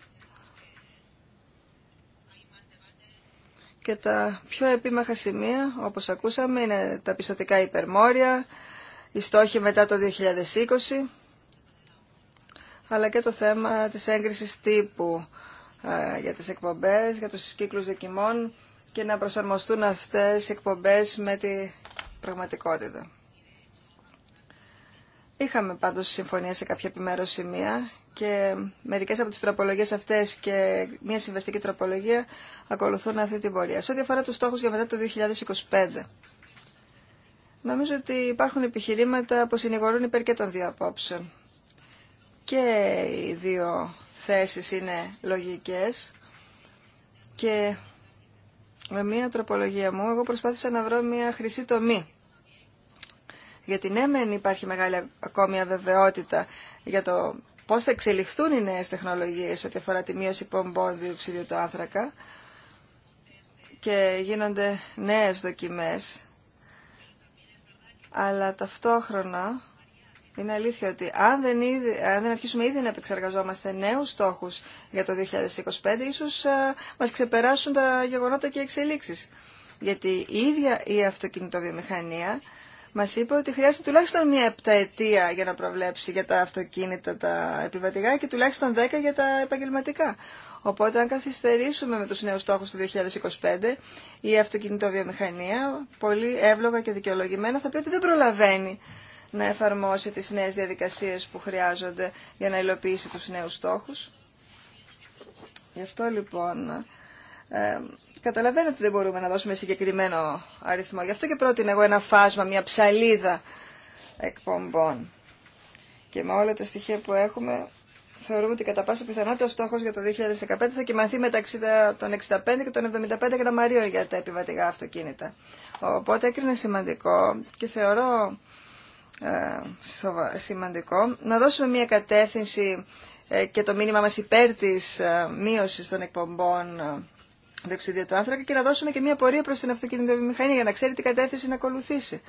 Και τα πιο επίμαχα σημεία, όπως ακούσαμε, είναι τα πιστοτικά υπερμόρια, οι στόχοι μετά το 2020, αλλά και το θέμα της έγκρισης τύπου ε, για τις εκπομπές, για τους κύκλους δοκιμών και να προσαρμοστούν αυτές οι εκπομπές με τη πραγματικότητα. Είχαμε πάντως συμφωνία σε κάποια επιμέρους σημεία και μερικές από τις τροπολογίες αυτές και μια συμβαστική τροπολογία ακολουθούν αυτή την πορεία. Σε ό,τι αφορά τους στόχους για μετά το 2025. Νομίζω ότι υπάρχουν επιχειρήματα που συνηγορούν υπέρ και των δύο απόψεων. Και οι δύο θέσεις είναι λογικές και με μια τροπολογία μου εγώ προσπάθησα να βρω μια χρυσή τομή. Γιατί ναι, μεν υπάρχει μεγάλη ακόμη αβεβαιότητα για το πώς θα εξελιχθούν οι νέες τεχνολογίες ό,τι αφορά τη μείωση πομπών διοξιδίου του άνθρακα και γίνονται νέες δοκιμές. Αλλά ταυτόχρονα είναι αλήθεια ότι αν δεν, ήδη, δεν αρχίσουμε ήδη να επεξεργαζόμαστε νέους στόχους για το 2025, ίσως α, ε, μας ξεπεράσουν τα γεγονότα και οι εξελίξεις. Γιατί η ίδια η αυτοκινητοβιομηχανία μα είπε ότι χρειάζεται τουλάχιστον μία επταετία για να προβλέψει για τα αυτοκίνητα τα επιβατικά και τουλάχιστον δέκα για τα επαγγελματικά. Οπότε αν καθυστερήσουμε με τους νέους στόχους του 2025 η αυτοκινητοβιομηχανία πολύ εύλογα και δικαιολογημένα θα πει ότι δεν προλαβαίνει να εφαρμόσει τις νέες διαδικασίες που χρειάζονται για να υλοποιήσει τους νέους στόχους. Γι' αυτό λοιπόν ε, Καταλαβαίνετε ότι δεν μπορούμε να δώσουμε συγκεκριμένο αριθμό. Γι' αυτό και πρότεινα εγώ ένα φάσμα, μια ψαλίδα εκπομπών. Και με όλα τα στοιχεία που έχουμε, θεωρούμε ότι κατά πάσα πιθανότητα ο στόχο για το 2015 θα κοιμαθεί μεταξύ των 65 και των 75 γραμμαρίων για τα επιβατικά αυτοκίνητα. Οπότε έκρινε σημαντικό και θεωρώ ε, σημαντικό να δώσουμε μια κατεύθυνση ε, και το μήνυμα μας υπέρ της ε, μείωσης των εκπομπών του άνθρακα και να δώσουμε και μια πορεία προς την αυτοκινητοβιομηχανία για να ξέρει τι κατεύθυνση να ακολουθήσει.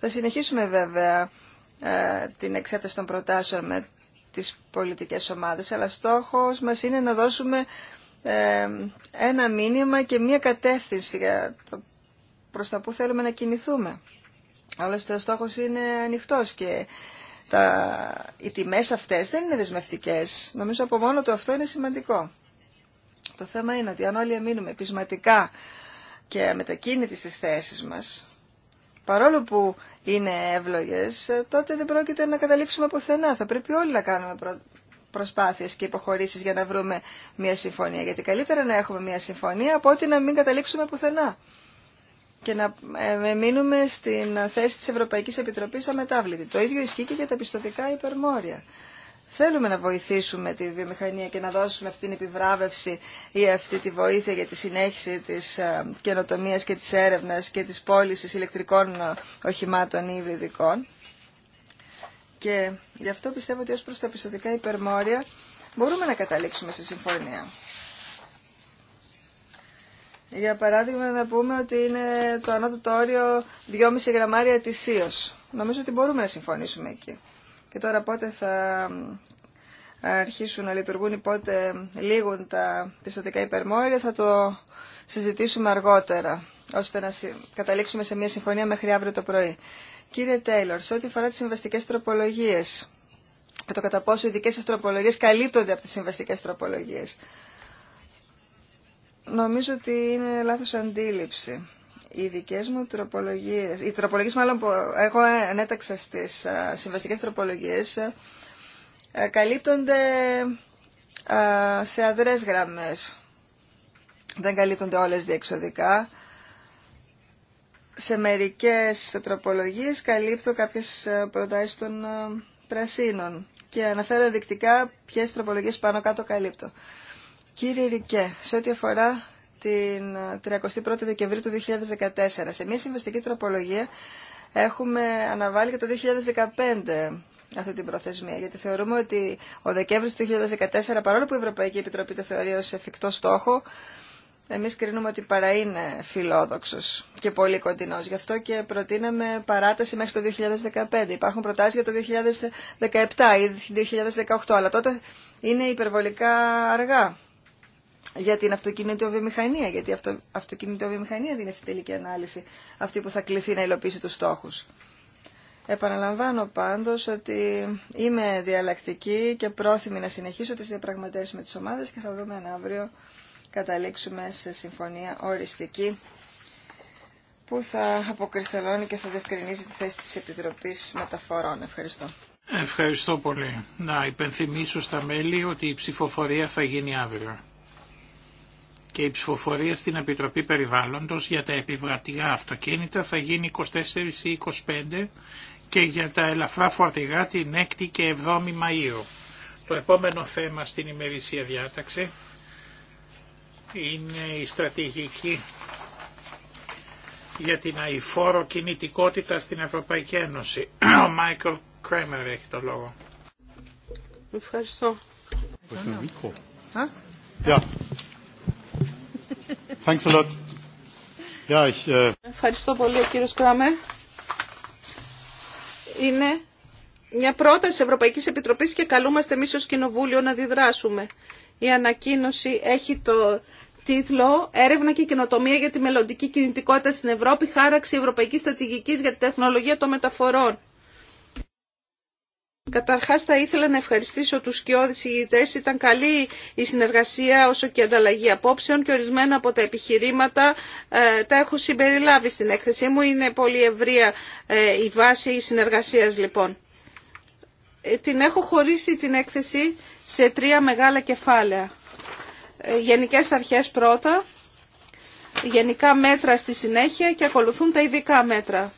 Θα συνεχίσουμε βέβαια ε, την εξέταση των προτάσεων με τις πολιτικές ομάδες, αλλά στόχος μας είναι να δώσουμε ε, ένα μήνυμα και μια κατεύθυνση για το προς τα που θέλουμε να κινηθούμε. Άλλωστε ο στόχος είναι ανοιχτός και τα... οι τιμές αυτές δεν είναι δεσμευτικές. Νομίζω από μόνο το αυτό είναι σημαντικό. Το θέμα είναι ότι αν όλοι εμείνουμε πεισματικά και αμετακίνητοι στις θέσεις μας, παρόλο που είναι εύλογες, τότε δεν πρόκειται να καταλήξουμε πουθενά. Θα πρέπει όλοι να κάνουμε προσπάθειες και υποχωρήσεις για να βρούμε μια συμφωνία. Γιατί καλύτερα να έχουμε μια συμφωνία από ότι να μην καταλήξουμε πουθενά και να ε, μείνουμε στην θέση της Ευρωπαϊκής Επιτροπής αμετάβλητη. Το ίδιο ισχύει και για τα πιστοτικά υπερμόρια. Θέλουμε να βοηθήσουμε τη βιομηχανία και να δώσουμε αυτή την επιβράβευση ή αυτή τη βοήθεια για τη συνέχιση της ε, καινοτομία και της έρευνας και της πώληση ηλεκτρικών ε, οχημάτων ή υβριδικών. Και γι' αυτό πιστεύω ότι ως προς τα πιστοτικά υπερμόρια μπορούμε να καταλήξουμε σε συμφωνία. Για παράδειγμα να πούμε ότι είναι το ανώτατο όριο 2,5 γραμμάρια ετησίω. Νομίζω ότι μπορούμε να συμφωνήσουμε εκεί. Και τώρα πότε θα αρχίσουν να λειτουργούν ή πότε λήγουν τα πιστοτικά υπερμόρια θα το συζητήσουμε αργότερα ώστε να καταλήξουμε σε μια συμφωνία μέχρι αύριο το πρωί. Κύριε Τέιλορ, σε ό,τι αφορά τι συμβαστικέ τροπολογίε, το κατά πόσο οι δικέ σα τροπολογίε καλύπτονται από τι συμβαστικέ τροπολογίε. Νομίζω ότι είναι λάθος αντίληψη οι δικέ μου τροπολογίε, οι τροπολογίε μάλλον που εγώ ανέταξα στι συμβαστικέ τροπολογίε, καλύπτονται σε αδρές γραμμέ, Δεν καλύπτονται όλες διεξοδικά. Σε μερικές τροπολογίε καλύπτω κάποιε προτάσει των πρασίνων και αναφέρω δεικτικά ποιες τροπολογίε πάνω κάτω καλύπτω. Κύριε Ρικέ, σε ό,τι αφορά την 31η ε, Δεκεμβρίου του 2014. Σε μια συμβαστική τροπολογία έχουμε αναβάλει και το 2015 αυτή την προθεσμία, γιατί θεωρούμε ότι ο Δεκέμβριος του 2014, παρόλο που η Ευρωπαϊκή Επιτροπή το θεωρεί ως εφικτό στόχο, εμείς κρίνουμε ότι παρά είναι φιλόδοξος και πολύ κοντινός. Γι' αυτό και προτείναμε παράταση μέχρι το 2015. Υπάρχουν προτάσεις για το 2017 ή 2018, αλλά τότε είναι υπερβολικά αργά για την αυτοκινητοβιομηχανία, γιατί η αυτο, αυτοκινητοβιομηχανία δεν είναι στην τελική ανάλυση αυτή που θα κληθεί να υλοποιήσει τους στόχους. Επαναλαμβάνω πάντως ότι είμαι διαλλακτική και πρόθυμη να συνεχίσω τις διαπραγματεύσεις με τις ομάδες και θα δούμε αν αύριο καταλήξουμε σε συμφωνία οριστική που θα αποκρισταλώνει και θα διευκρινίζει τη θέση της Επιτροπής Μεταφορών. Ευχαριστώ. Ευχαριστώ πολύ. Να υπενθυμίσω στα μέλη ότι η ψηφοφορία θα γίνει αύριο και η ψηφοφορία στην Επιτροπή Περιβάλλοντος για τα επιβρατιά αυτοκίνητα θα γίνει 24 ή 25 και για τα ελαφρά φορτηγά την 6η και 7η Μαΐου. Το επόμενο θέμα στην ημερησία διάταξη είναι η στρατηγική για την αηφόρο κινητικότητα στην Ευρωπαϊκή Ένωση. Ο Μάικλ Κρέμερ έχει το λόγο. Ευχαριστώ. Äh, Ευχαριστώ πολύ, κύριο Κράμερ. Είναι μια πρόταση Ευρωπαϊκής Επιτροπής και καλούμαστε εμείς ως Κοινοβούλιο να διδράσουμε. Η ανακοίνωση έχει το τίτλο «Έρευνα και καινοτομία για τη μελλοντική κινητικότητα στην Ευρώπη, χάραξη ευρωπαϊκής στρατηγικής για τη τεχνολογία των μεταφορών». Καταρχάς θα ήθελα να ευχαριστήσω τους σκιώδης ηγητές. Ήταν καλή η συνεργασία όσο και η ανταλλαγή απόψεων και ορισμένα από τα επιχειρήματα ε, τα έχω συμπεριλάβει στην έκθεσή μου. Είναι πολύ ευρεία ε, η βάση συνεργασίας λοιπόν. Ε, την έχω χωρίσει την έκθεση σε τρία μεγάλα κεφάλαια. Ε, γενικές αρχές πρώτα, γενικά μέτρα στη συνέχεια και ακολουθούν τα ειδικά μέτρα.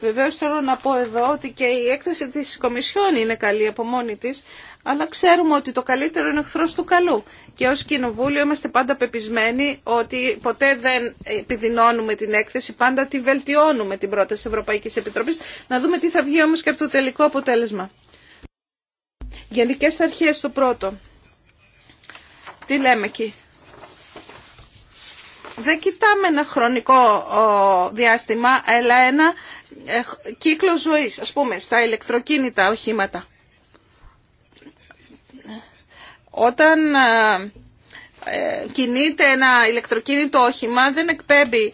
Βεβαίως θέλω να πω εδώ ότι και η έκθεση της Κομισιόν είναι καλή από μόνη της, αλλά ξέρουμε ότι το καλύτερο είναι εχθρός του καλού. Και ως Κοινοβούλιο είμαστε πάντα πεπισμένοι ότι ποτέ δεν επιδεινώνουμε την έκθεση, πάντα τη βελτιώνουμε την πρόταση Ευρωπαϊκής Επιτροπής, να δούμε τι θα βγει όμως και από το τελικό αποτέλεσμα. Γενικές αρχές το πρώτο. Τι λέμε εκεί δεν κοιτάμε ένα χρονικό διάστημα, αλλά ένα ε, κύκλο ζωής, ας πούμε, στα ηλεκτροκίνητα οχήματα. Όταν ε, ε, κινείται ένα ηλεκτροκίνητο όχημα, δεν εκπέμπει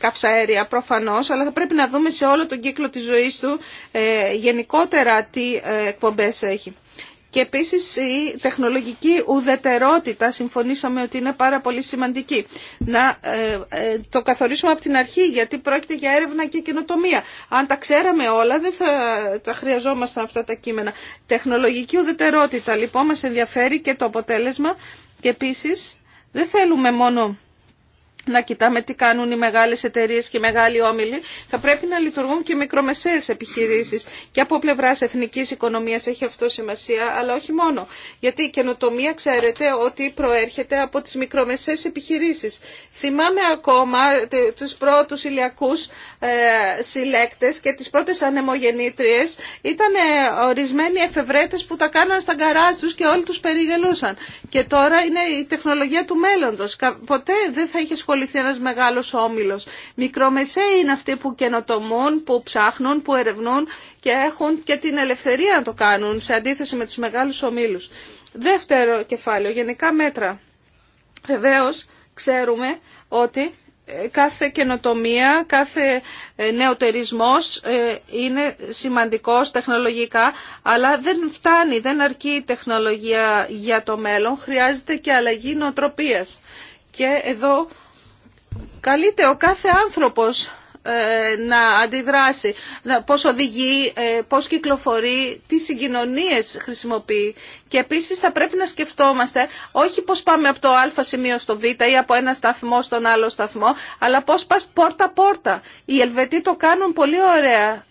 καυσαέρια προφανώς, αλλά θα πρέπει να δούμε σε όλο τον κύκλο της ζωής του γενικότερα τι εκπομπές έχει. Και επίσης η τεχνολογική ουδετερότητα συμφωνήσαμε ότι είναι πάρα πολύ σημαντική. Να ε, ε, το καθορίσουμε από την αρχή γιατί πρόκειται για έρευνα και καινοτομία. Αν τα ξέραμε όλα δεν θα τα χρειαζόμασταν αυτά τα κείμενα. Τεχνολογική ουδετερότητα λοιπόν μας ενδιαφέρει και το αποτέλεσμα και επίσης δεν θέλουμε μόνο να κοιτάμε τι κάνουν οι μεγάλες εταιρείες και οι μεγάλοι όμιλοι, θα πρέπει να λειτουργούν και οι μικρομεσαίες επιχειρήσεις. Και από πλευράς εθνικής οικονομίας έχει αυτό σημασία, αλλά όχι μόνο. Γιατί η καινοτομία ξέρετε ότι προέρχεται από τις μικρομεσαίες επιχειρήσεις. Θυμάμαι ακόμα τους πρώτους ηλιακούς ε, συλλέκτες και τις πρώτες ανεμογεννήτριες ήταν ε, ορισμένοι εφευρέτες που τα κάναν στα γκαράζ τους και όλοι τους περιγελούσαν. Και τώρα είναι η τεχνολογία του μέλλοντος. Ποτέ δεν θα είχε ασχοληθεί ένας μεγάλος όμιλος. Μικρομεσαίοι είναι αυτοί που καινοτομούν, που ψάχνουν, που ερευνούν και έχουν και την ελευθερία να το κάνουν σε αντίθεση με τους μεγάλους ομίλους. Δεύτερο κεφάλαιο, γενικά μέτρα. Βεβαίω ξέρουμε ότι ε, κάθε καινοτομία, κάθε ε, νεοτερισμός ε, είναι σημαντικός τεχνολογικά, αλλά δεν φτάνει, δεν αρκεί η τεχνολογία για το μέλλον, χρειάζεται και αλλαγή νοοτροπίας. Και εδώ Καλείται ο κάθε άνθρωπος ε, να αντιδράσει, πώς οδηγεί, ε, πώς κυκλοφορεί, τι συγκοινωνίες χρησιμοποιεί. Και επίσης θα πρέπει να σκεφτόμαστε όχι πώς πάμε από το α σημείο στο β ή από ένα σταθμό στον άλλο σταθμό, αλλά πώς πας πόρτα-πόρτα. Οι Ελβετοί το κάνουν πολύ ωραία.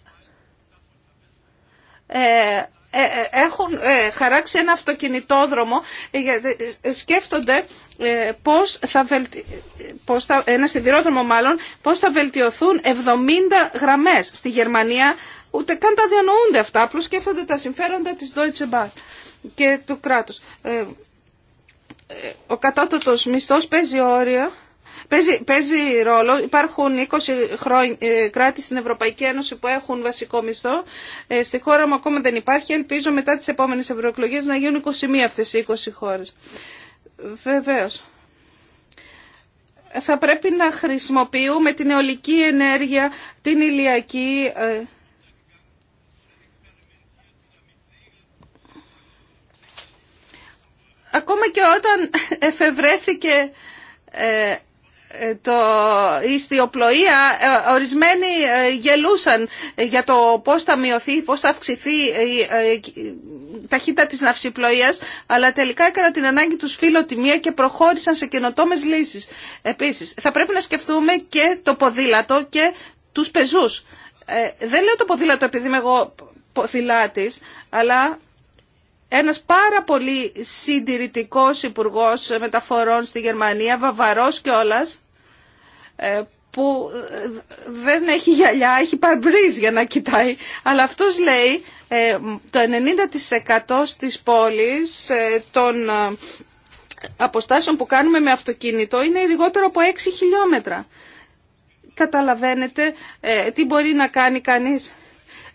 Ε, ε έχουν χαράξει ένα αυτοκινητόδρομο, σκέφτονται ε, πώς θα, βελτι... πώς θα... ένα σιδηρόδρομο μάλλον, πώς θα βελτιωθούν 70 γραμμές στη Γερμανία, ούτε καν τα διανοούνται αυτά, απλώς σκέφτονται τα συμφέροντα της Deutsche Bahn και του κράτους. Ε, ε, ο κατώτατος μισθός παίζει όρια, παίζει, παίζει ρόλο, υπάρχουν 20 κράτη στην Ευρωπαϊκή Ένωση που έχουν βασικό μισθό, στη χώρα μου ακόμα δεν υπάρχει, ελπίζω μετά τις επόμενες ευρωεκλογές να γίνουν 21 αυτές οι 20 χώρες. Βεβαίω. Θα πρέπει να χρησιμοποιούμε την αιωλική ενέργεια, την ηλιακή... Ε, ακόμα και όταν εφευρέθηκε ε, ε, το, η ε, ορισμένοι ε, γελούσαν για το πώς θα μειωθεί, πώς θα αυξηθεί η ταχύτητα της ναυσιπλοείας, αλλά τελικά έκανα την ανάγκη τους φιλοτιμία και προχώρησαν σε καινοτόμες λύσεις. Επίσης, θα πρέπει να σκεφτούμε και το ποδήλατο και τους πεζούς. δεν λέω το ποδήλατο επειδή είμαι εγώ ποδηλάτης, αλλά ένας πάρα πολύ συντηρητικός υπουργό μεταφορών στη Γερμανία, βαβαρός κιόλα, ε, που ε, δεν έχει γυαλιά, έχει παρμπρίζ για να κοιτάει. Αλλά αυτός λέει ε, το 90% της πόλης των αποστάσεων που κάνουμε με αυτοκίνητο είναι λιγότερο από 6 χιλιόμετρα. Καταλαβαίνετε τι μπορεί να κάνει κανείς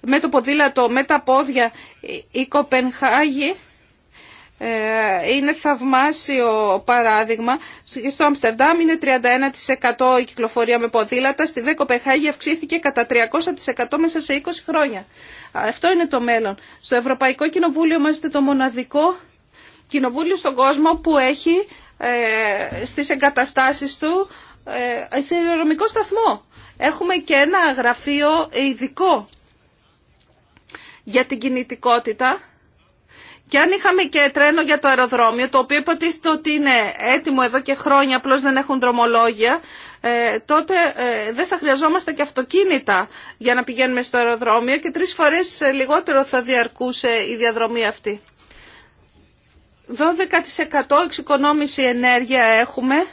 με το ποδήλατο, με τα πόδια η Κοπενχάγη ε, είναι θαυμάσιο παράδειγμα. Στο Αμστερντάμ είναι 31% η κυκλοφορία με ποδήλατα. Στη Δε αυξήθηκε κατά 300% μέσα σε 20 χρόνια. Αυτό είναι το μέλλον. Στο Ευρωπαϊκό Κοινοβούλιο είμαστε το μοναδικό κοινοβούλιο στον κόσμο που έχει ε, στις εγκαταστάσεις του ε, σταθμό. Έχουμε και ένα γραφείο ειδικό για την κινητικότητα. Και αν είχαμε και τρένο για το αεροδρόμιο, το οποίο υποτίθεται ότι είναι έτοιμο εδώ και χρόνια, απλώς δεν έχουν δρομολόγια, ε, τότε ε, δεν θα χρειαζόμαστε και αυτοκίνητα για να πηγαίνουμε στο αεροδρόμιο και τρεις φορές ε, λιγότερο θα διαρκούσε η διαδρομή αυτή. 12% εξοικονόμηση ενέργεια έχουμε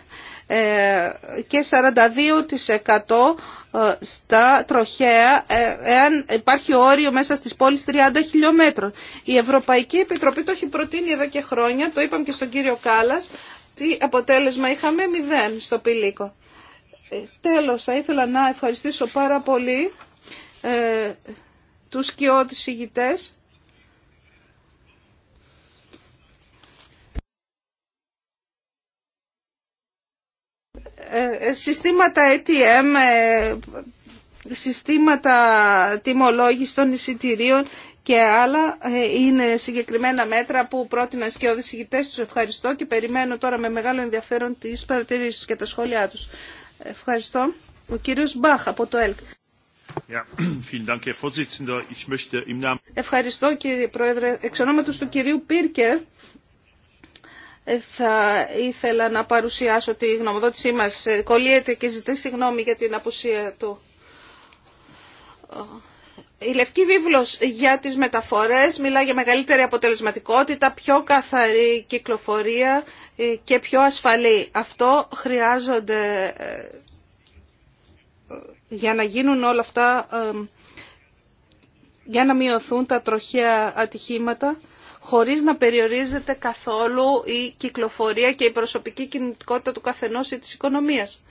ε, και 42% ε, στα τροχέα ε, εάν υπάρχει όριο μέσα στις πόλεις 30 χιλιόμετρων. Η Ευρωπαϊκή Επιτροπή το έχει προτείνει εδώ και χρόνια, το είπαμε και στον κύριο Κάλλας, τι αποτέλεσμα είχαμε, μηδέν στο πηλίκο. Τέλος, θα ήθελα να ευχαριστήσω πάρα πολύ τους κοιότητες ηγητές Ε, ε, συστήματα ATM, ε συστήματα τιμολόγηση των εισιτηρίων και άλλα είναι συγκεκριμένα μέτρα που πρότειναν και ο τους. Ευχαριστώ και περιμένω τώρα με μεγάλο ενδιαφέρον τις παρατηρήσεις και τα σχόλιά τους. Ευχαριστώ. Ο κύριος Μπάχ από το ΕΛΚ. Ευχαριστώ κύριε Πρόεδρε. Εξ του κυρίου Πίρκερ ε, θα ήθελα να παρουσιάσω τη γνωμοδότησή μας. Ε, κολλείεται και ζητεί συγγνώμη για την απουσία του. Ε, η Λευκή Βίβλος για τις μεταφορές μιλά για μεγαλύτερη αποτελεσματικότητα, πιο καθαρή κυκλοφορία και πιο ασφαλή. Αυτό χρειάζονται για να γίνουν όλα αυτά, για να μειωθούν τα τροχαία ατυχήματα χωρίς να περιορίζεται καθόλου η κυκλοφορία και η προσωπική κινητικότητα του καθενός ή της οικονομίας.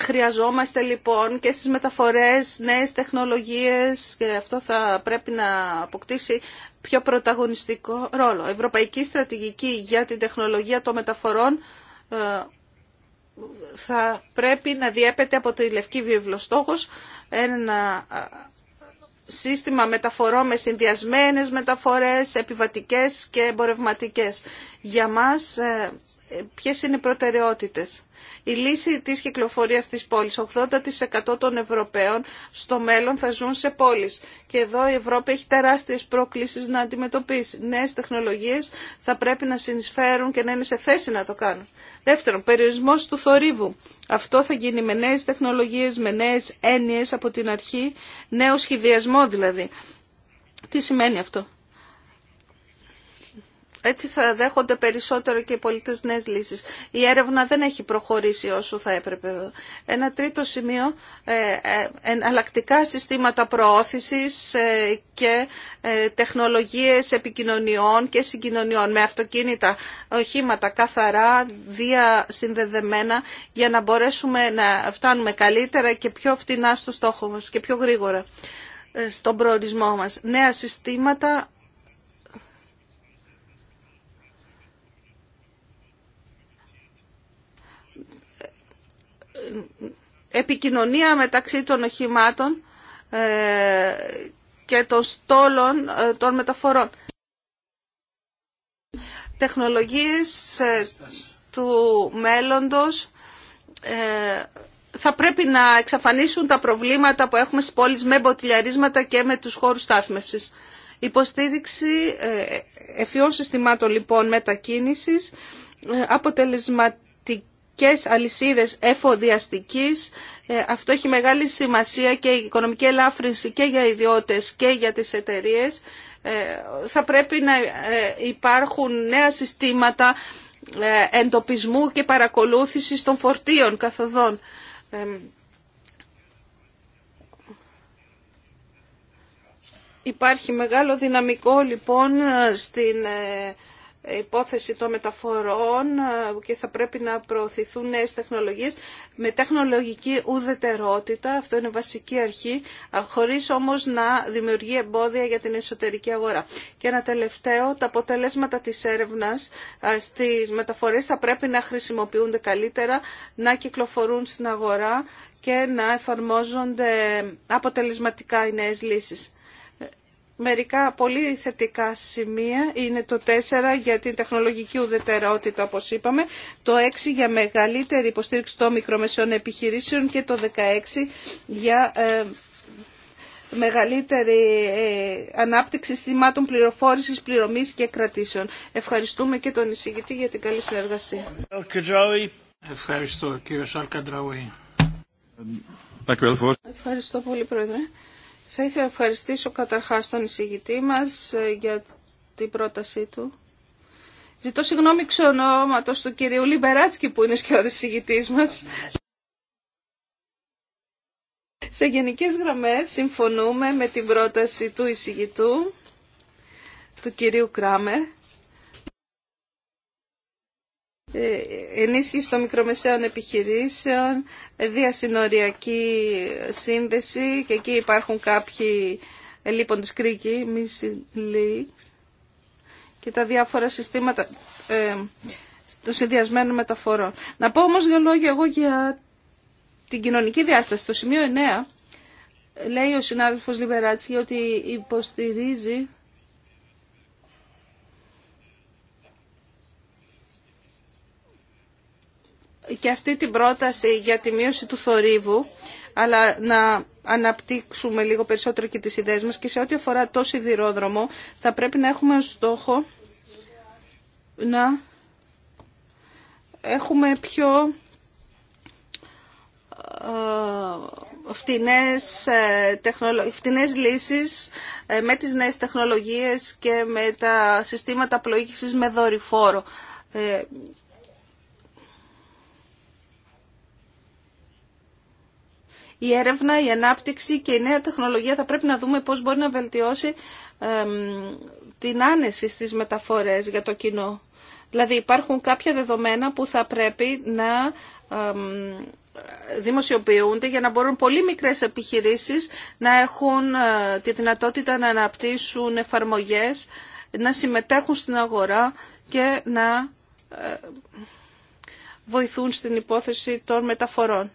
Χρειαζόμαστε λοιπόν και στις μεταφορές νέες τεχνολογίες και αυτό θα πρέπει να αποκτήσει πιο πρωταγωνιστικό ρόλο. Ευρωπαϊκή στρατηγική για την τεχνολογία των μεταφορών ε, θα πρέπει να διέπεται από τη Λευκή Βιβλοστόχος ένα σύστημα μεταφορών με συνδυασμένες μεταφορές, επιβατικές και εμπορευματικές. Για μας ε, ποιες είναι οι προτεραιότητες. Η λύση της κυκλοφορίας της πόλης, 80% των Ευρωπαίων στο μέλλον θα ζουν σε πόλεις. Και εδώ η Ευρώπη έχει τεράστιες πρόκλησεις να αντιμετωπίσει. Νέες τεχνολογίες θα πρέπει να συνεισφέρουν και να είναι σε θέση να το κάνουν. Δεύτερον, περιορισμός του θορύβου. Αυτό θα γίνει με νέες τεχνολογίες, με νέες έννοιες από την αρχή, νέο σχεδιασμό δηλαδή. Τι σημαίνει αυτό. Έτσι θα δέχονται περισσότερο και οι πολίτε νέες λύσεις. Η έρευνα δεν έχει προχωρήσει όσο θα έπρεπε. Ένα τρίτο σημείο, ε, ε, εναλλακτικά συστήματα προώθησης ε, και τεχνολογίες επικοινωνιών και συγκοινωνιών με αυτοκίνητα, οχήματα καθαρά, διασυνδεδεμένα για να μπορέσουμε να φτάνουμε καλύτερα και πιο φτηνά στο στόχο μα και πιο γρήγορα στον προορισμό μας. Νέα συστήματα επικοινωνία μεταξύ των οχημάτων ε, και των στόλων ε, των μεταφορών. Τεχνολογίες ε, του μέλλοντος θα πρέπει να εξαφανίσουν τα προβλήματα που έχουμε στις πόλεις με μποτιλιαρίσματα και με τους χώρους στάθμευσης. Υποστήριξη εφιών συστημάτων λοιπόν μετακίνησης, αποτελεσματική οικονομικές αλυσίδες εφοδιαστικής. Ε, αυτό έχει μεγάλη σημασία και η οικονομική ελάφρυνση και για ιδιώτες και για τις εταιρείες. Ε, θα πρέπει να ε, υπάρχουν νέα συστήματα εντοπισμού και παρακολούθησης των φορτίων καθοδών. Υπάρχει μεγάλο δυναμικό λοιπόν στην υπόθεση των μεταφορών ε, και θα πρέπει να προωθηθούν νέες τεχνολογίες με τεχνολογική ουδετερότητα, αυτό είναι βασική αρχή, χωρίς όμως να δημιουργεί εμπόδια για την εσωτερική αγορά. Και ένα τελευταίο, τα αποτελέσματα της έρευνας στις μεταφορές θα πρέπει να χρησιμοποιούνται καλύτερα, να κυκλοφορούν στην αγορά και να εφαρμόζονται αποτελεσματικά οι νέες λύσεις. Μερικά πολύ θετικά σημεία είναι το 4 για την τεχνολογική ουδετερότητα, όπως είπαμε, το 6 για μεγαλύτερη υποστήριξη των μικρομεσαίων επιχειρήσεων και το 16 για ε, μεγαλύτερη ε, ανάπτυξη συστημάτων πληροφόρησης, πληρωμής και κρατήσεων. Ευχαριστούμε και τον εισηγητή για την καλή συνεργασία. Ευχαριστώ, κύριο Σαλκαντραουή. Ευχαριστώ πολύ, Πρόεδρε. Θα ήθελα να ευχαριστήσω καταρχάς τον εισηγητή μας ε, για την πρότασή του. Ζητώ συγγνώμη ξενόματος του κυρίου Λιμπεράτσκι που είναι σχεδόν εισηγητής μας. Σε γενικές γραμμές συμφωνούμε με την πρόταση του εισηγητού, του κυρίου Κράμερ. Ε, ενίσχυση των μικρομεσαίων επιχειρήσεων, διασυνοριακή σύνδεση και εκεί υπάρχουν κάποιοι λείποντες κρίκοι, και τα διάφορα συστήματα ε, των συνδυασμένων μεταφορών. Να πω όμως δύο λόγια εγώ για την κοινωνική διάσταση. Στο σημείο 9 λέει ο συνάδελφος Λιβεράτση ότι υποστηρίζει και αυτή την πρόταση για τη μείωση του θορύβου, αλλά να αναπτύξουμε λίγο περισσότερο και τις ιδέες μας και σε ό,τι αφορά το σιδηρόδρομο θα πρέπει να έχουμε στόχο να έχουμε πιο ε, φτηνές, ε, φτηνές λύσεις ε, με τις νέες τεχνολογίες και με τα συστήματα πλοήγησης με δορυφόρο η έρευνα, η ανάπτυξη και η νέα τεχνολογία θα πρέπει να δούμε πώς μπορεί να βελτιώσει την άνεση στις μεταφορές για το κοινό. Δηλαδή υπάρχουν κάποια δεδομένα που θα πρέπει να δημοσιοποιούνται για να μπορούν πολύ μικρές επιχειρήσεις να έχουν ε, τη δυνατότητα να αναπτύσσουν εφαρμογές, να συμμετέχουν στην αγορά και να ε, βοηθούν στην υπόθεση των μεταφορών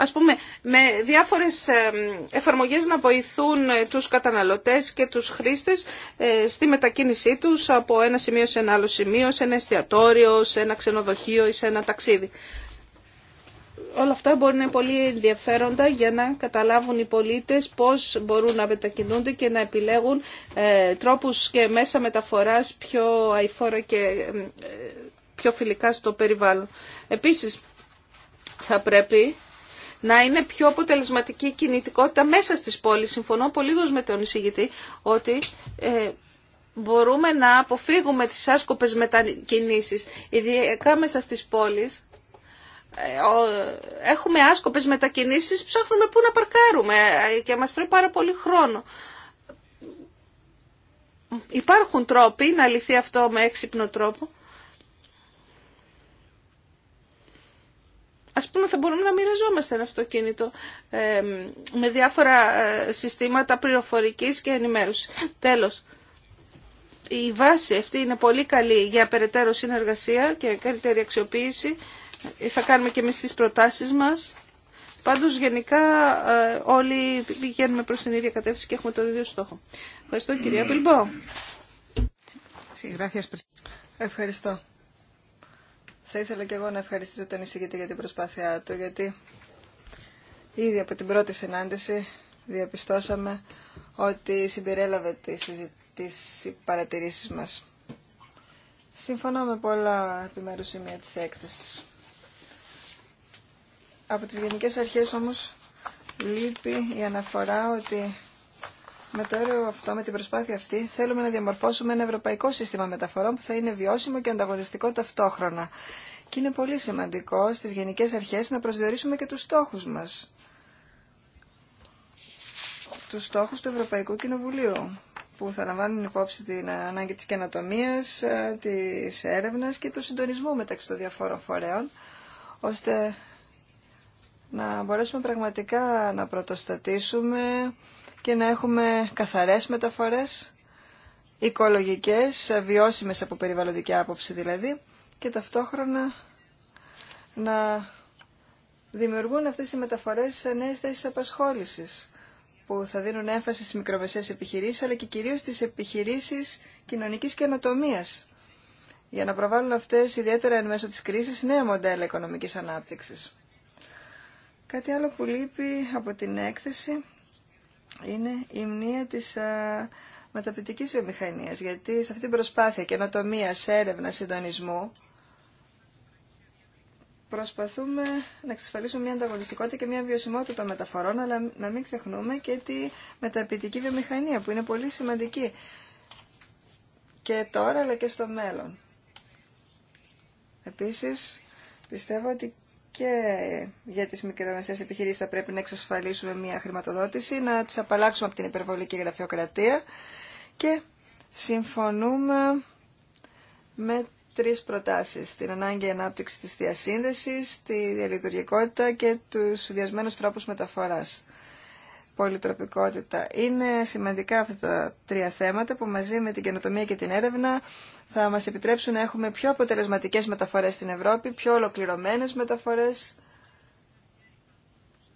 ας πούμε, με διάφορες εφαρμογές να βοηθούν ε, τους καταναλωτές και τους χρήστες ε, στη μετακίνησή τους από ένα σημείο σε ένα άλλο σημείο, σε ένα εστιατόριο, σε ένα ξενοδοχείο ή σε ένα ταξίδι. Όλα αυτά μπορεί να είναι πολύ ενδιαφέροντα για να καταλάβουν οι πολίτες πώς μπορούν να μετακινούνται και να επιλέγουν ε, τρόπους και μέσα μεταφοράς πιο αηφόρα και πιο φιλικά στο περιβάλλον. Επίσης, θα πρέπει να είναι πιο αποτελεσματική κινητικότητα μέσα στις πόλεις. Συμφωνώ πολύ με τον εισηγητή ότι ε, μπορούμε να αποφύγουμε τις άσκοπες μετακινήσεις, ειδικά μέσα στις πόλεις. Ε, έχουμε άσκοπες μετακινήσεις, ψάχνουμε πού να παρκάρουμε ε, και μας τρώει πάρα πολύ χρόνο. Υπάρχουν τρόποι να λυθεί αυτό με έξυπνο τρόπο. Ας πούμε θα μπορούμε να μοιραζόμαστε ένα αυτοκίνητο ε, με διάφορα ε, συστήματα πληροφορικής και ενημέρωση. Τέλος, η βάση αυτή είναι πολύ καλή για περαιτέρω συνεργασία και καλύτερη αξιοποίηση. Θα κάνουμε και εμείς τις προτάσεις μας. Πάντως γενικά ε, όλοι πηγαίνουμε προς την ίδια κατεύθυνση και έχουμε τον ίδιο στόχο. Ευχαριστώ κυρία Πιλμπό. Ευχαριστώ. Θα ήθελα και εγώ να ευχαριστήσω τον εισηγητή για την προσπάθειά του, γιατί ήδη από την πρώτη συνάντηση διαπιστώσαμε ότι συμπεριέλαβε τις, τις παρατηρήσεις μας. Συμφωνώ με πολλά επιμέρους σημεία της έκθεσης. Από τις γενικές αρχές όμως λείπει η αναφορά ότι με το έργο αυτό, με την προσπάθεια αυτή, θέλουμε να διαμορφώσουμε ένα ευρωπαϊκό σύστημα μεταφορών που θα είναι βιώσιμο και ανταγωνιστικό ταυτόχρονα. Και είναι πολύ σημαντικό στις γενικές αρχές να προσδιορίσουμε και τους στόχους μας. Τους στόχους του Ευρωπαϊκού Κοινοβουλίου, που θα λαμβάνουν υπόψη την ανάγκη της καινοτομίας, ε, της έρευνας και του συντονισμού μεταξύ των διαφόρων φορέων, ώστε να μπορέσουμε πραγματικά να πρωτοστατήσουμε και να έχουμε καθαρές μεταφορές, οικολογικές, βιώσιμες από περιβαλλοντική άποψη δηλαδή και ταυτόχρονα να δημιουργούν αυτές οι μεταφορές νέες θέσεις απασχόλησης που θα δίνουν έμφαση στις μικρομεσαίες επιχειρήσεις αλλά και κυρίως στις επιχειρήσεις κοινωνικής καινοτομία, για να προβάλλουν αυτές ιδιαίτερα εν μέσω της κρίσης νέα μοντέλα οικονομικής ανάπτυξης. Κάτι άλλο που λείπει από την έκθεση είναι η μνήμα της α, ε, μεταπληκτικής βιομηχανίας, γιατί σε αυτή την προσπάθεια καινοτομία, έρευνα, συντονισμού, προσπαθούμε να εξασφαλίσουμε μια ανταγωνιστικότητα και μια βιωσιμότητα των μεταφορών, αλλά να μην ξεχνούμε και τη μεταπιτική βιομηχανία, που είναι πολύ σημαντική και τώρα, αλλά και στο μέλλον. Επίσης, πιστεύω ότι και για τις μικρομεσαίες επιχειρήσεις θα πρέπει να εξασφαλίσουμε μια χρηματοδότηση, να τις απαλλάξουμε από την υπερβολική γραφειοκρατία και συμφωνούμε με τρεις προτάσεις. Την ανάγκη ανάπτυξης της διασύνδεσης, τη διαλειτουργικότητα και τους διασμένους τρόπους μεταφοράς πολυτροπικότητα. Είναι σημαντικά αυτά τα τρία θέματα που μαζί με την καινοτομία και την έρευνα θα μας επιτρέψουν να έχουμε πιο αποτελεσματικές μεταφορές στην Ευρώπη, πιο ολοκληρωμένες μεταφορές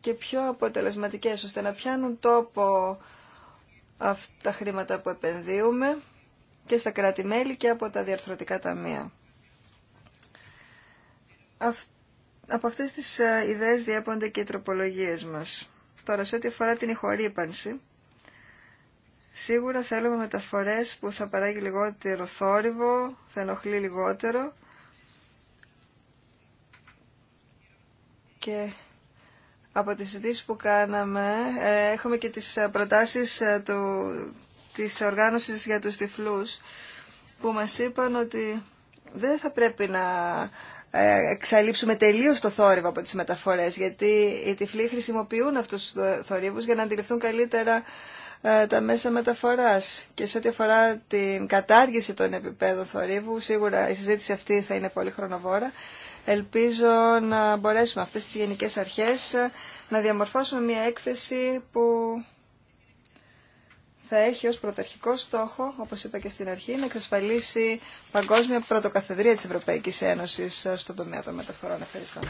και πιο αποτελεσματικές, ώστε να πιάνουν τόπο αυτά τα χρήματα που επενδύουμε και στα κράτη-μέλη και από τα διαρθρωτικά ταμεία. Από αυτές τις ε, ιδέες διέπονται και οι τροπολογίες μας. Τώρα, σε ό,τι αφορά την ηχορύπανση, σίγουρα θέλουμε μεταφορές που θα παράγει λιγότερο θόρυβο, θα ενοχλεί λιγότερο και από τις συζητήσεις που κάναμε ε, έχουμε και τις ε, προτάσεις ε, του, της οργάνωσης για τους τυφλούς που μας είπαν ότι δεν θα πρέπει να ε, εξαλείψουμε τελείως το θόρυβο από τις μεταφορές, γιατί οι τυφλοί χρησιμοποιούν αυτούς τους θορύβους για να αντιληφθούν καλύτερα ε, τα μέσα μεταφοράς. Και σε ό,τι αφορά την κατάργηση των επιπέδων θορύβου, σίγουρα η συζήτηση αυτή θα είναι πολύ χρονοβόρα. Ελπίζω να μπορέσουμε αυτές τις γενικές αρχές ε, να διαμορφώσουμε μια έκθεση που θα έχει ως πρωταρχικό στόχο, όπως είπα και στην αρχή, να εξασφαλίσει παγκόσμια πρωτοκαθεδρία της Ευρωπαϊκής Ένωσης ε, στον τομέα των μεταφορών. Ευχαριστώ.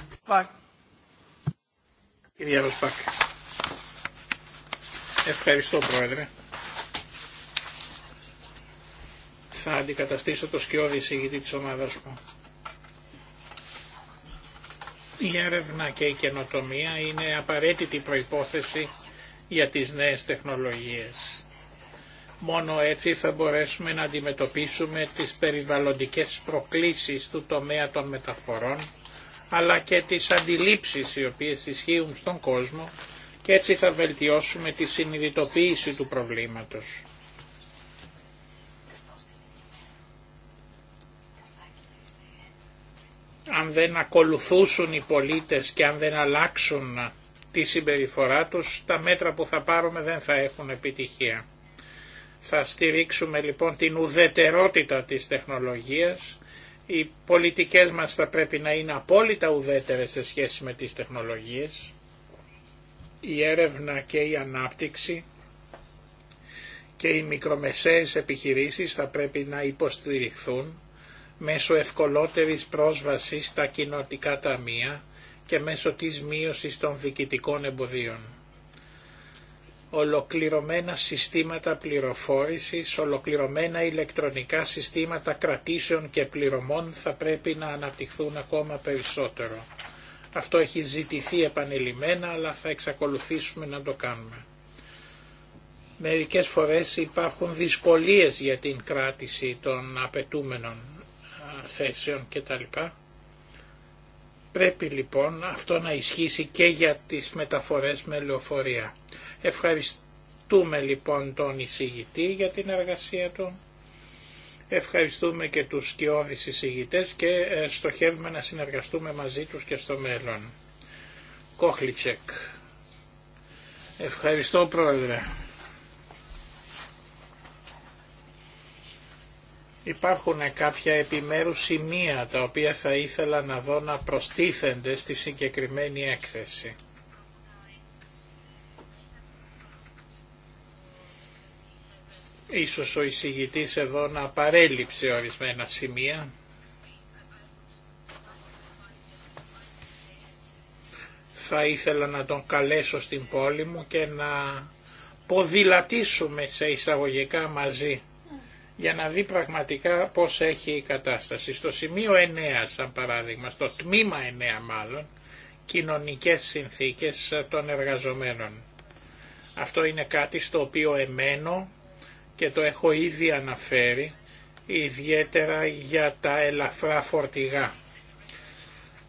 Κυρία Ροσπάκ. Ευχαριστώ Πρόεδρε. Θα αντικαταστήσω το σκιώδη εισηγητή της ομάδας μου. Η έρευνα και η καινοτομία είναι απαραίτητη προϋπόθεση για τις νέες τεχνολογίες. Μόνο έτσι θα μπορέσουμε να αντιμετωπίσουμε τις περιβαλλοντικές προκλήσεις του τομέα των μεταφορών, αλλά και τις αντιλήψεις οι οποίες ισχύουν στον κόσμο και έτσι θα βελτιώσουμε τη συνειδητοποίηση του προβλήματος. Αν δεν ακολουθούσουν οι πολίτες και αν δεν αλλάξουν τη συμπεριφορά τους, τα μέτρα που θα πάρουμε δεν θα έχουν επιτυχία. Θα στηρίξουμε λοιπόν την ουδετερότητα της τεχνολογίας. Οι πολιτικές μας θα πρέπει να είναι απόλυτα ουδέτερες σε σχέση με τις τεχνολογίες. Η έρευνα και η ανάπτυξη και οι μικρομεσαίες επιχειρήσεις θα πρέπει να υποστηριχθούν μέσω ευκολότερης πρόσβασης στα κοινοτικά ταμεία και μέσω της μείωσης των διοικητικών εμποδίων ολοκληρωμένα συστήματα πληροφόρησης, ολοκληρωμένα ηλεκτρονικά συστήματα κρατήσεων και πληρωμών θα πρέπει να αναπτυχθούν ακόμα περισσότερο. Αυτό έχει ζητηθεί επανειλημμένα, αλλά θα εξακολουθήσουμε να το κάνουμε. Μερικές φορές υπάρχουν δυσκολίες για την κράτηση των απαιτούμενων θέσεων κτλ. Πρέπει λοιπόν αυτό να ισχύσει και για τις μεταφορές με λεωφορεία. Ευχαριστούμε λοιπόν τον εισηγητή για την εργασία του. Ευχαριστούμε και τους σκιώδεις εισηγητές και ε, στοχεύουμε να συνεργαστούμε μαζί τους και στο μέλλον. Κόχλιτσεκ. Ευχαριστώ πρόεδρε. Υπάρχουν κάποια επιμέρους σημεία τα οποία θα ήθελα να δω να προστίθενται στη συγκεκριμένη έκθεση. Ίσως ο εισηγητής εδώ να παρέλειψε ορισμένα σημεία. Θα ήθελα να τον καλέσω στην πόλη μου και να ποδηλατήσουμε σε εισαγωγικά μαζί για να δει πραγματικά πώς έχει η κατάσταση. Στο σημείο 9 σαν παράδειγμα, στο τμήμα 9 μάλλον, κοινωνικές συνθήκες των εργαζομένων. Αυτό είναι κάτι στο οποίο εμένω και το έχω ήδη αναφέρει ιδιαίτερα για τα ελαφρά φορτηγά.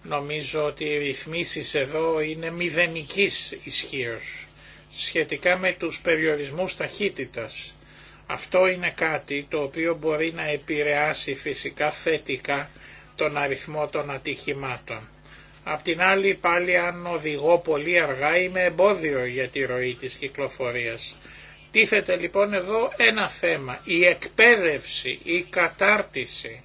Νομίζω ότι οι ρυθμίσεις εδώ είναι μηδενικής ισχύως σχετικά με τους περιορισμούς ταχύτητας. Αυτό είναι κάτι το οποίο μπορεί να επηρεάσει φυσικά θετικά τον αριθμό των ατυχημάτων. Απ' την άλλη πάλι αν οδηγώ πολύ αργά είμαι εμπόδιο για τη ροή της κυκλοφορίας. Τίθεται λοιπόν εδώ ένα θέμα, η εκπαίδευση, η κατάρτιση.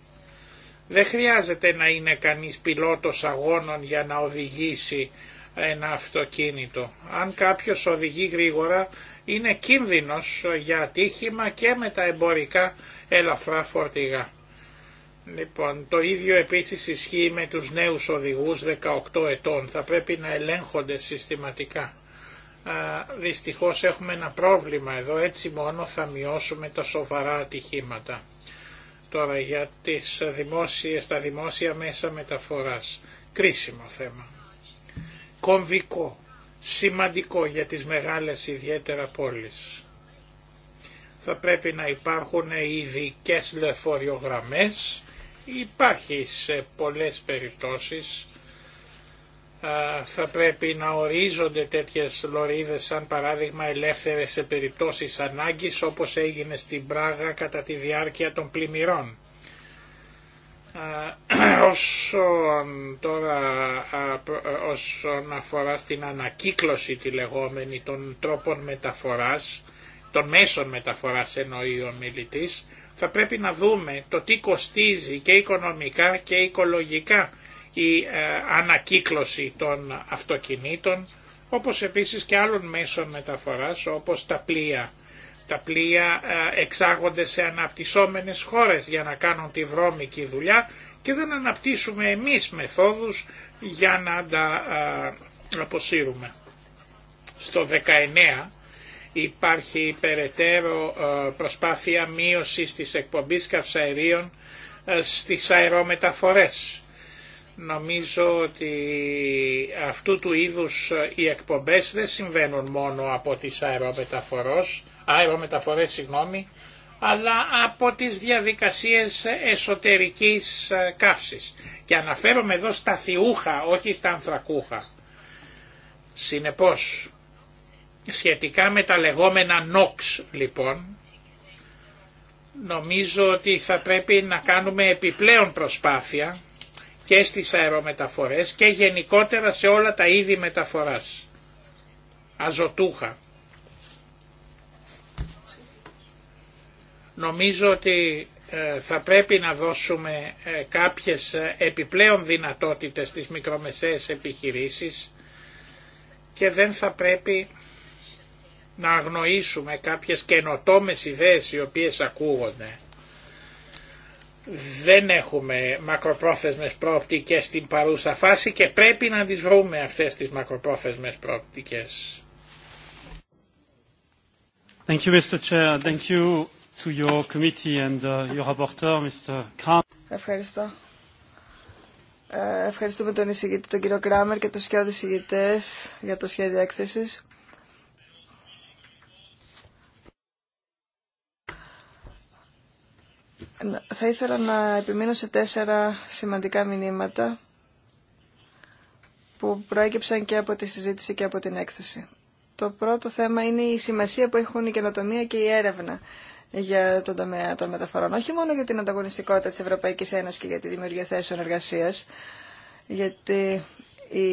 Δεν χρειάζεται να είναι κανείς πιλότος αγώνων για να οδηγήσει ένα αυτοκίνητο. Αν κάποιος οδηγεί γρήγορα είναι κίνδυνος για ατύχημα και με τα εμπορικά ελαφρά φορτηγά. Λοιπόν, το ίδιο επίσης ισχύει με τους νέους οδηγούς 18 ετών. Θα πρέπει να ελέγχονται συστηματικά δυστυχώς έχουμε ένα πρόβλημα εδώ, έτσι μόνο θα μειώσουμε τα σοβαρά ατυχήματα. Τώρα για τις δημόσιες, τα δημόσια μέσα μεταφοράς. Κρίσιμο θέμα. Κομβικό. Σημαντικό για τις μεγάλες ιδιαίτερα πόλεις. Θα πρέπει να υπάρχουν ειδικέ λεωφοριογραμμές. Υπάρχει σε πολλές περιπτώσεις θα πρέπει να ορίζονται τέτοιες λωρίδες σαν παράδειγμα ελεύθερες σε περιπτώσεις ανάγκης όπως έγινε στην Πράγα κατά τη διάρκεια των πλημμυρών. Όσον τώρα ε, όσον αφορά στην ανακύκλωση τη λεγόμενη των τρόπων μεταφοράς, των μέσων μεταφοράς εννοεί ο μιλητής, θα πρέπει να δούμε το τι κοστίζει και οικονομικά και οικολογικά η ε, ανακύκλωση των αυτοκινήτων, όπως επίσης και άλλων μέσων μεταφοράς όπως τα πλοία. Τα πλοία ε, εξάγονται σε αναπτυσσόμενες χώρες για να κάνουν τη βρώμικη δουλειά και δεν αναπτύσσουμε εμείς μεθόδους για να τα ε, αποσύρουμε. Στο 19 υπάρχει περαιτέρω προσπάθεια μείωσης της εκπομπής καυσαερίων στις αερομεταφορές Νομίζω ότι αυτού του είδους οι εκπομπές δεν συμβαίνουν μόνο από τις αερομεταφορές, αερομεταφορές συγγνώμη, αλλά από τις διαδικασίες εσωτερικής ε, καύσης. Και αναφέρομαι εδώ στα θιούχα, όχι στα ανθρακούχα. Συνεπώς, σχετικά με τα λεγόμενα νοξ, λοιπόν, νομίζω ότι θα πρέπει να κάνουμε επιπλέον προσπάθεια και στις αερομεταφορές και γενικότερα σε όλα τα είδη μεταφοράς. Αζωτούχα. Νομίζω ότι ε, θα πρέπει να δώσουμε ε, κάποιες ε, επιπλέον δυνατότητες στις μικρομεσαίες επιχειρήσεις και δεν θα πρέπει να αγνοήσουμε κάποιες καινοτόμες ιδέες οι οποίες ακούγονται δεν έχουμε μακροπρόθεσμες προοπτικές στην παρούσα φάση και πρέπει να τις βρούμε αυτές τις μακροπρόθεσμες προοπτικές. Thank you, Mr. Thank you to your committee and uh, your rapporteur, Mr. Ευχαριστώ. Ε, ευχαριστούμε τον εισηγητή, τον κύριο Κράμερ και τους σκιώδης εισηγητές για το σχέδιο έκθεσης. Θα ήθελα να επιμείνω σε τέσσερα σημαντικά μηνύματα που προέκυψαν και από τη συζήτηση και από την έκθεση. Το πρώτο θέμα είναι η σημασία που έχουν η καινοτομία και η έρευνα για τον τομέα των μεταφορών. Όχι μόνο για την ανταγωνιστικότητα της Ευρωπαϊκής Ένωσης και για τη δημιουργία θέσεων εργασίας, γιατί οι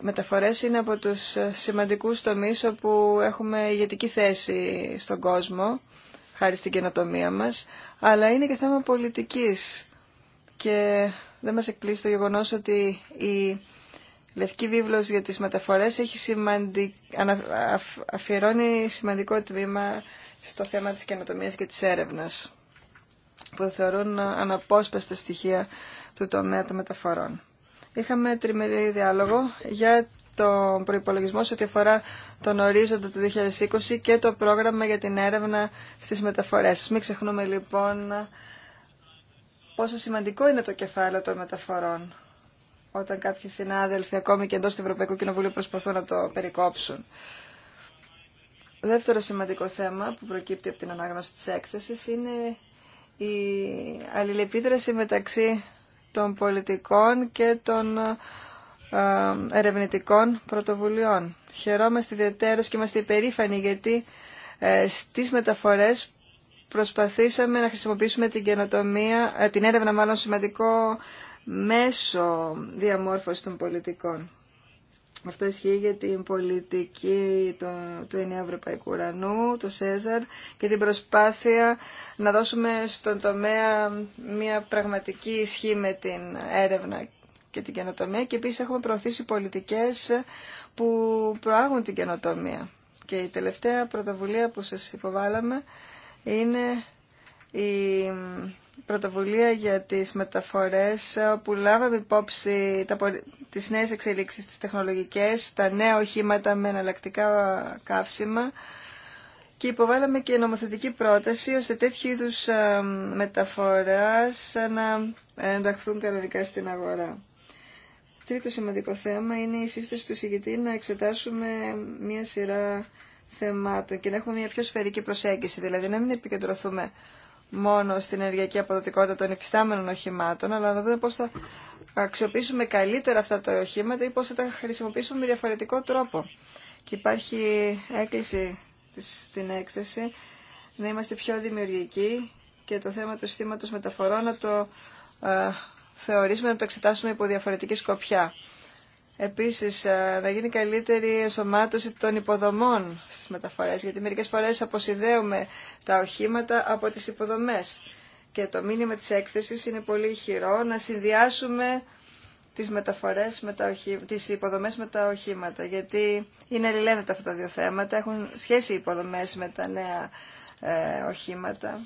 μεταφορές είναι από τους σημαντικούς τομείς όπου έχουμε ηγετική θέση στον κόσμο χάρη στην καινοτομία μας, αλλά είναι και θέμα πολιτικής. Και δεν μας εκπλήσει το γεγονός ότι η Λευκή Βίβλος για τις μεταφορές έχει σημαντικ... αφιερώνει σημαντικό τμήμα στο θέμα της καινοτομίας και της έρευνας, που θεωρούν αναπόσπαστα στοιχεία του τομέα των μεταφορών. Είχαμε τριμερή διάλογο για τον προϋπολογισμό σε ό,τι αφορά τον ορίζοντα του 2020 και το πρόγραμμα για την έρευνα στις μεταφορές. Μην ξεχνούμε λοιπόν πόσο σημαντικό είναι το κεφάλαιο των μεταφορών όταν κάποιοι συνάδελφοι ακόμη και εντό του Ευρωπαϊκού Κοινοβουλίου, προσπαθούν να το περικόψουν. Δεύτερο σημαντικό θέμα που προκύπτει από την ανάγνωση της έκθεσης είναι η αλληλεπίδραση μεταξύ των πολιτικών και των ε, ερευνητικών πρωτοβουλειών. Χαιρόμαστε ιδιαίτερως και είμαστε υπερήφανοι γιατί ε, στις μεταφορές προσπαθήσαμε να χρησιμοποιήσουμε την καινοτομία, ε, την έρευνα μάλλον σημαντικό μέσο διαμόρφωση των πολιτικών. Αυτό ισχύει για την πολιτική του Ενιαίου Ευρωπαϊκού Ουρανού, του ΣΕΖΑΡ και την προσπάθεια να δώσουμε στον τομέα μια πραγματική ισχύ με την έρευνα και την καινοτομία και επίσης έχουμε προωθήσει πολιτικές που προάγουν την καινοτομία. Και η τελευταία πρωτοβουλία που σας υποβάλαμε είναι η πρωτοβουλία για τις μεταφορές όπου λάβαμε υπόψη τα, τις νέες εξελίξεις, τις τεχνολογικές, τα νέα οχήματα με εναλλακτικά καύσιμα και υποβάλαμε και νομοθετική πρόταση ώστε τέτοιου είδους ε, μεταφοράς να ενταχθούν κανονικά στην αγορά. Τρίτο σημαντικό θέμα είναι η σύσταση του εισηγητή να εξετάσουμε μία σειρά θεμάτων και να έχουμε μία πιο σφαιρική προσέγγιση, δηλαδή να μην επικεντρωθούμε μόνο στην ενεργειακή αποδοτικότητα των υφιστάμενων οχημάτων, αλλά να δούμε πώς θα αξιοποιήσουμε καλύτερα αυτά τα οχήματα ή πώς θα τα χρησιμοποιήσουμε με διαφορετικό τρόπο. Και υπάρχει έκκληση στην έκθεση να είμαστε πιο δημιουργικοί και το θέμα του συστήματος μεταφορών να το ε, θεωρήσουμε να το εξετάσουμε υπό διαφορετική σκοπιά. Επίσης, ε, να γίνει καλύτερη εσωμάτωση των υποδομών στις μεταφορές, γιατί μερικές φορές αποσυνδέουμε τα οχήματα από τις υποδομές. Και το μήνυμα της έκθεσης είναι πολύ χειρό να συνδυάσουμε τις, μεταφορές με τα οχήματα τις υποδομές με τα οχήματα, γιατί είναι αλληλένδετα αυτά τα δύο θέματα, έχουν σχέση οι υποδομές με τα νέα ε, οχήματα.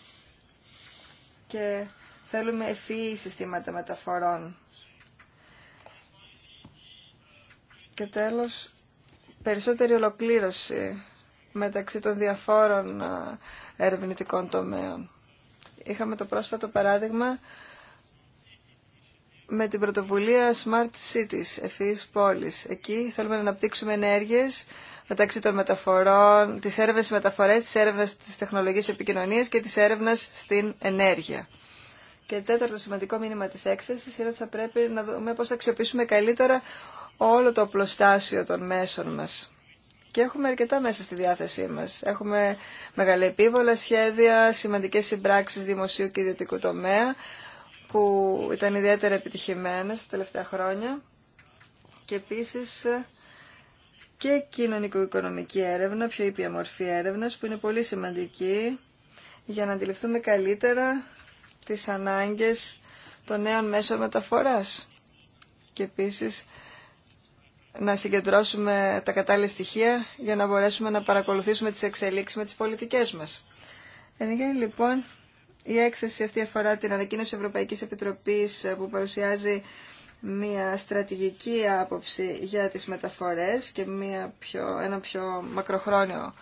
Και Θέλουμε ευφυή συστήματα μεταφορών. Και τέλος, περισσότερη ολοκλήρωση μεταξύ των διαφόρων ερευνητικών τομέων. Είχαμε το πρόσφατο παράδειγμα με την πρωτοβουλία Smart Cities, ευφυής πόλης. Εκεί θέλουμε να αναπτύξουμε ενέργειες μεταξύ των μεταφορών, της έρευνας μεταφορές, της έρευνας της τεχνολογίας επικοινωνίας και της έρευνας στην ενέργεια. Και τέταρτο σημαντικό μήνυμα της έκθεσης είναι ότι θα πρέπει να δούμε πώς θα αξιοποιήσουμε καλύτερα όλο το πλωστάσιο των μέσων μας. Και έχουμε αρκετά μέσα στη διάθεσή μας. Έχουμε επίβολα σχέδια, σημαντικές συμπράξεις δημοσίου και ιδιωτικού τομέα, που ήταν ιδιαίτερα επιτυχημένες τα τελευταία χρόνια. Και επίσης και κοινωνικο-οικονομική έρευνα, πιο ήπια μορφή έρευνας, που είναι πολύ σημαντική για να αντιληφθούμε καλύτερα τις ανάγκες των νέων μέσων μεταφοράς και επίσης να συγκεντρώσουμε τα κατάλληλα στοιχεία για να μπορέσουμε να παρακολουθήσουμε τις εξελίξεις με τις πολιτικές μας. Εν λοιπόν, η έκθεση αυτή αφορά την ανακοίνωση Ευρωπαϊκής Επιτροπής ε, που παρουσιάζει μια στρατηγική άποψη για τις μεταφορές και μια πιο, ένα πιο μακροχρόνιο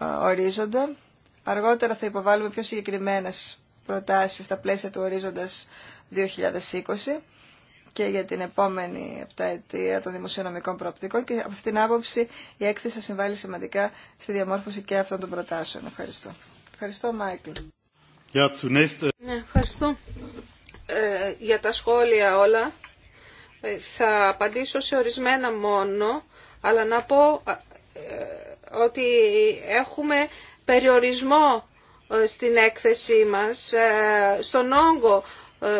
ε, ορίζοντα. Αργότερα θα υποβάλουμε πιο συγκεκριμένες προτάσεις στα πλαίσια του ορίζοντας 2020 και για την επόμενη επταετία των δημοσιονομικών προοπτικών και από αυτήν την άποψη η έκθεση θα συμβάλλει σημαντικά στη διαμόρφωση και αυτών των προτάσεων. Ευχαριστώ. Ευχαριστώ, Μάικλ. Ναι, ευχαριστώ ε, για τα σχόλια όλα. Ε, θα απαντήσω σε ορισμένα μόνο, αλλά να πω ε, ότι έχουμε περιορισμό στην έκθεσή μας, ε, στον όγκο,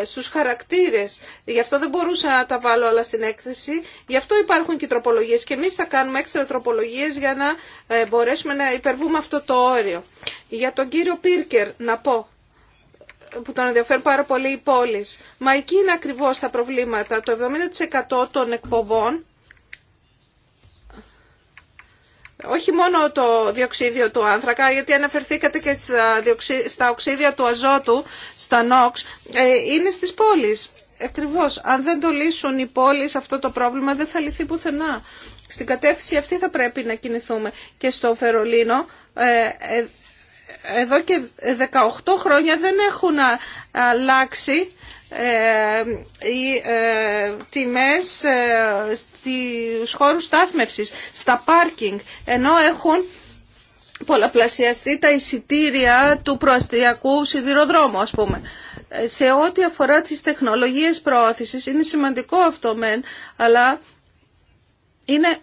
ε, στους χαρακτήρες. Γι' αυτό δεν μπορούσα να τα βάλω όλα στην έκθεση. Γι' αυτό υπάρχουν και τροπολογίες και εμείς θα κάνουμε έξτρα τροπολογίες για να ε, μπορέσουμε να υπερβούμε αυτό το όριο. Για τον κύριο Πίρκερ να πω που τον ενδιαφέρουν πάρα πολύ οι πόλεις. Μα εκεί είναι ακριβώς τα προβλήματα. Το 70% των εκπομπών όχι μόνο το διοξίδιο του άνθρακα, γιατί αναφερθήκατε και στα οξίδια του αζότου, στα νόξ, ε, είναι στις πόλεις. Ακριβώς, αν δεν το λύσουν οι πόλεις αυτό το πρόβλημα δεν θα λυθεί πουθενά. Στην κατεύθυνση αυτή θα πρέπει να κινηθούμε. Και στο Φερολίνο, ε, ε, εδώ και 18 χρόνια δεν έχουν αλλάξει ε, οι ε, τιμές ε, στους χώρους στάθμευσης, στα πάρκινγκ, ενώ έχουν πολλαπλασιαστεί τα εισιτήρια του προαστιακού σιδηροδρόμου, ας πούμε. Σε ό,τι αφορά τις τεχνολογίες προώθησης, είναι σημαντικό αυτό μεν, αλλά είναι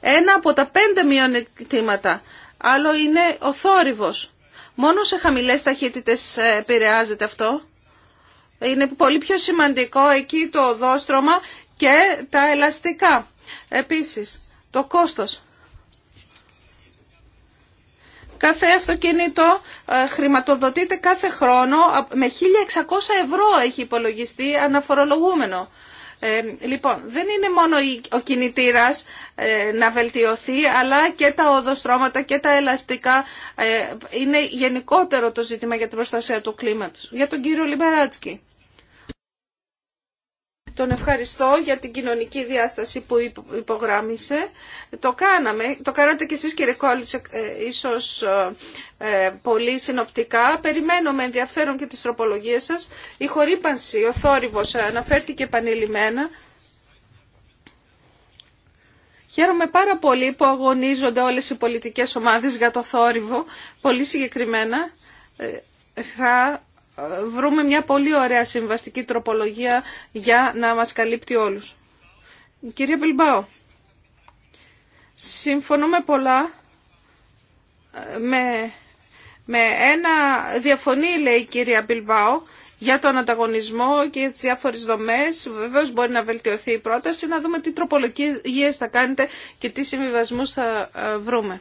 ένα από τα πέντε μειονεκτήματα. Άλλο είναι ο θόρυβος. Μόνο σε χαμηλές ταχύτητες ε, επηρεάζεται αυτό. Είναι πολύ πιο σημαντικό εκεί το οδόστρωμα και τα ελαστικά. Επίσης, το κόστος. Κάθε αυτοκίνητο ε, χρηματοδοτείται κάθε χρόνο με 1.600 ευρώ έχει υπολογιστεί αναφορολογούμενο. Ε, λοιπόν, δεν είναι μόνο ο κινητήρας ε, να βελτιωθεί, αλλά και τα οδοστρώματα και τα ελαστικά. Ε, είναι γενικότερο το ζήτημα για την προστασία του κλίματος. Για τον κύριο Λιμπεράτσκι. Τον ευχαριστώ για την κοινωνική διάσταση που υπογράμμισε. Το κάναμε, το κάνατε κι εσείς κύριε ε, ίσως ε, πολύ συνοπτικά. Περιμένω με ενδιαφέρον και τις τροπολογίες σας. Η χορύπανση, ο θόρυβος ε, αναφέρθηκε επανειλημμένα. Χαίρομαι πάρα πολύ που αγωνίζονται όλες οι πολιτικές ομάδες για το θόρυβο, πολύ συγκεκριμένα. Ε, θα βρούμε μια πολύ ωραία συμβαστική τροπολογία για να μας καλύπτει όλους. Κυρία Μπιλμπάο, συμφωνούμε πολλά ε, με, με ένα διαφωνή, λέει η κυρία Μπιλμπάο, για τον ανταγωνισμό και τις διάφορες δομές. Βεβαίως μπορεί να βελτιωθεί η πρόταση, να δούμε τι τροπολογίες θα κάνετε και τι συμβιβασμούς θα ε, βρούμε.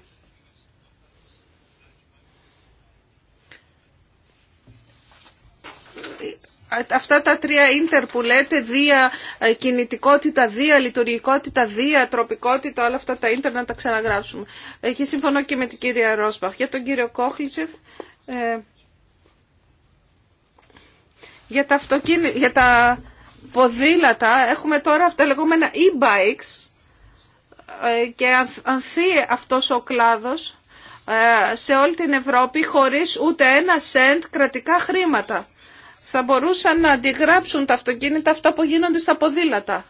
αυτά τα τρία ίντερ που λέτε, δια ε, κινητικότητα, δια λειτουργικότητα, δια τροπικότητα, όλα αυτά τα ίντερ να τα ξαναγράψουμε. Εγώ συμφωνώ και με την κυρία Ρόσπαχ. Για τον κύριο Κόχλιτσεφ, ε, για τα, για τα ποδήλατα έχουμε τώρα αυτά λεγόμενα e-bikes ε, και ανθεί αυτός ο κλάδος σε όλη την Ευρώπη χωρίς ούτε ένα σεντ κρατικά χρήματα θα μπορούσαν να αντιγράψουν τα αυτοκίνητα αυτά που γίνονται στα ποδήλατα.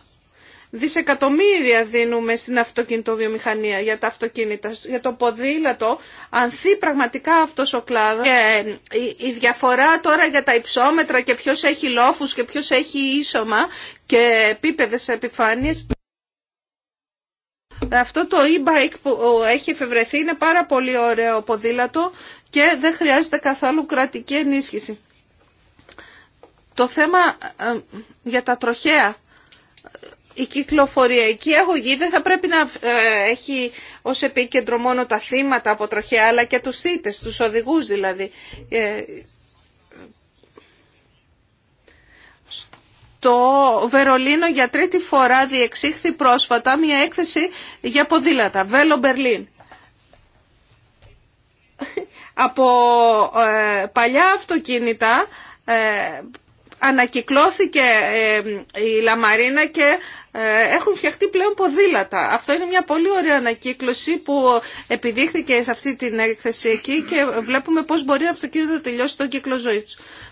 Δισεκατομμύρια δίνουμε στην αυτοκινητοβιομηχανία για τα αυτοκίνητα, για το ποδήλατο. Ανθεί πραγματικά αυτός ο κλάδος. Και ε, η διαφορά τώρα για τα υψόμετρα και ποιος έχει λόφους και ποιος έχει ίσωμα και επίπεδες επιφάνειες. Αυτό το e-bike που έχει εφευρεθεί είναι πάρα πολύ ωραίο ποδήλατο και δεν χρειάζεται καθόλου κρατική ενίσχυση. Το θέμα ε, για τα τροχέα, η κυκλοφοριακή αγωγή δεν θα πρέπει να ε, έχει ως επίκεντρο μόνο τα θύματα από τροχέα, αλλά και τους θύτες, τους οδηγούς δηλαδή. Ε, Το Βερολίνο για τρίτη φορά διεξήχθη πρόσφατα μια έκθεση για ποδήλατα, Βέλο Μπερλίν. Από παλιά αυτοκίνητα ανακυκλώθηκε ε, η Λαμαρίνα και ε, έχουν φτιαχτεί πλέον ποδήλατα. Αυτό είναι μια πολύ ωραία ανακύκλωση που επιδείχθηκε σε αυτή την έκθεση εκεί και βλέπουμε πώς μπορεί να αυτοκίνητο να τελειώσει τον κύκλο του.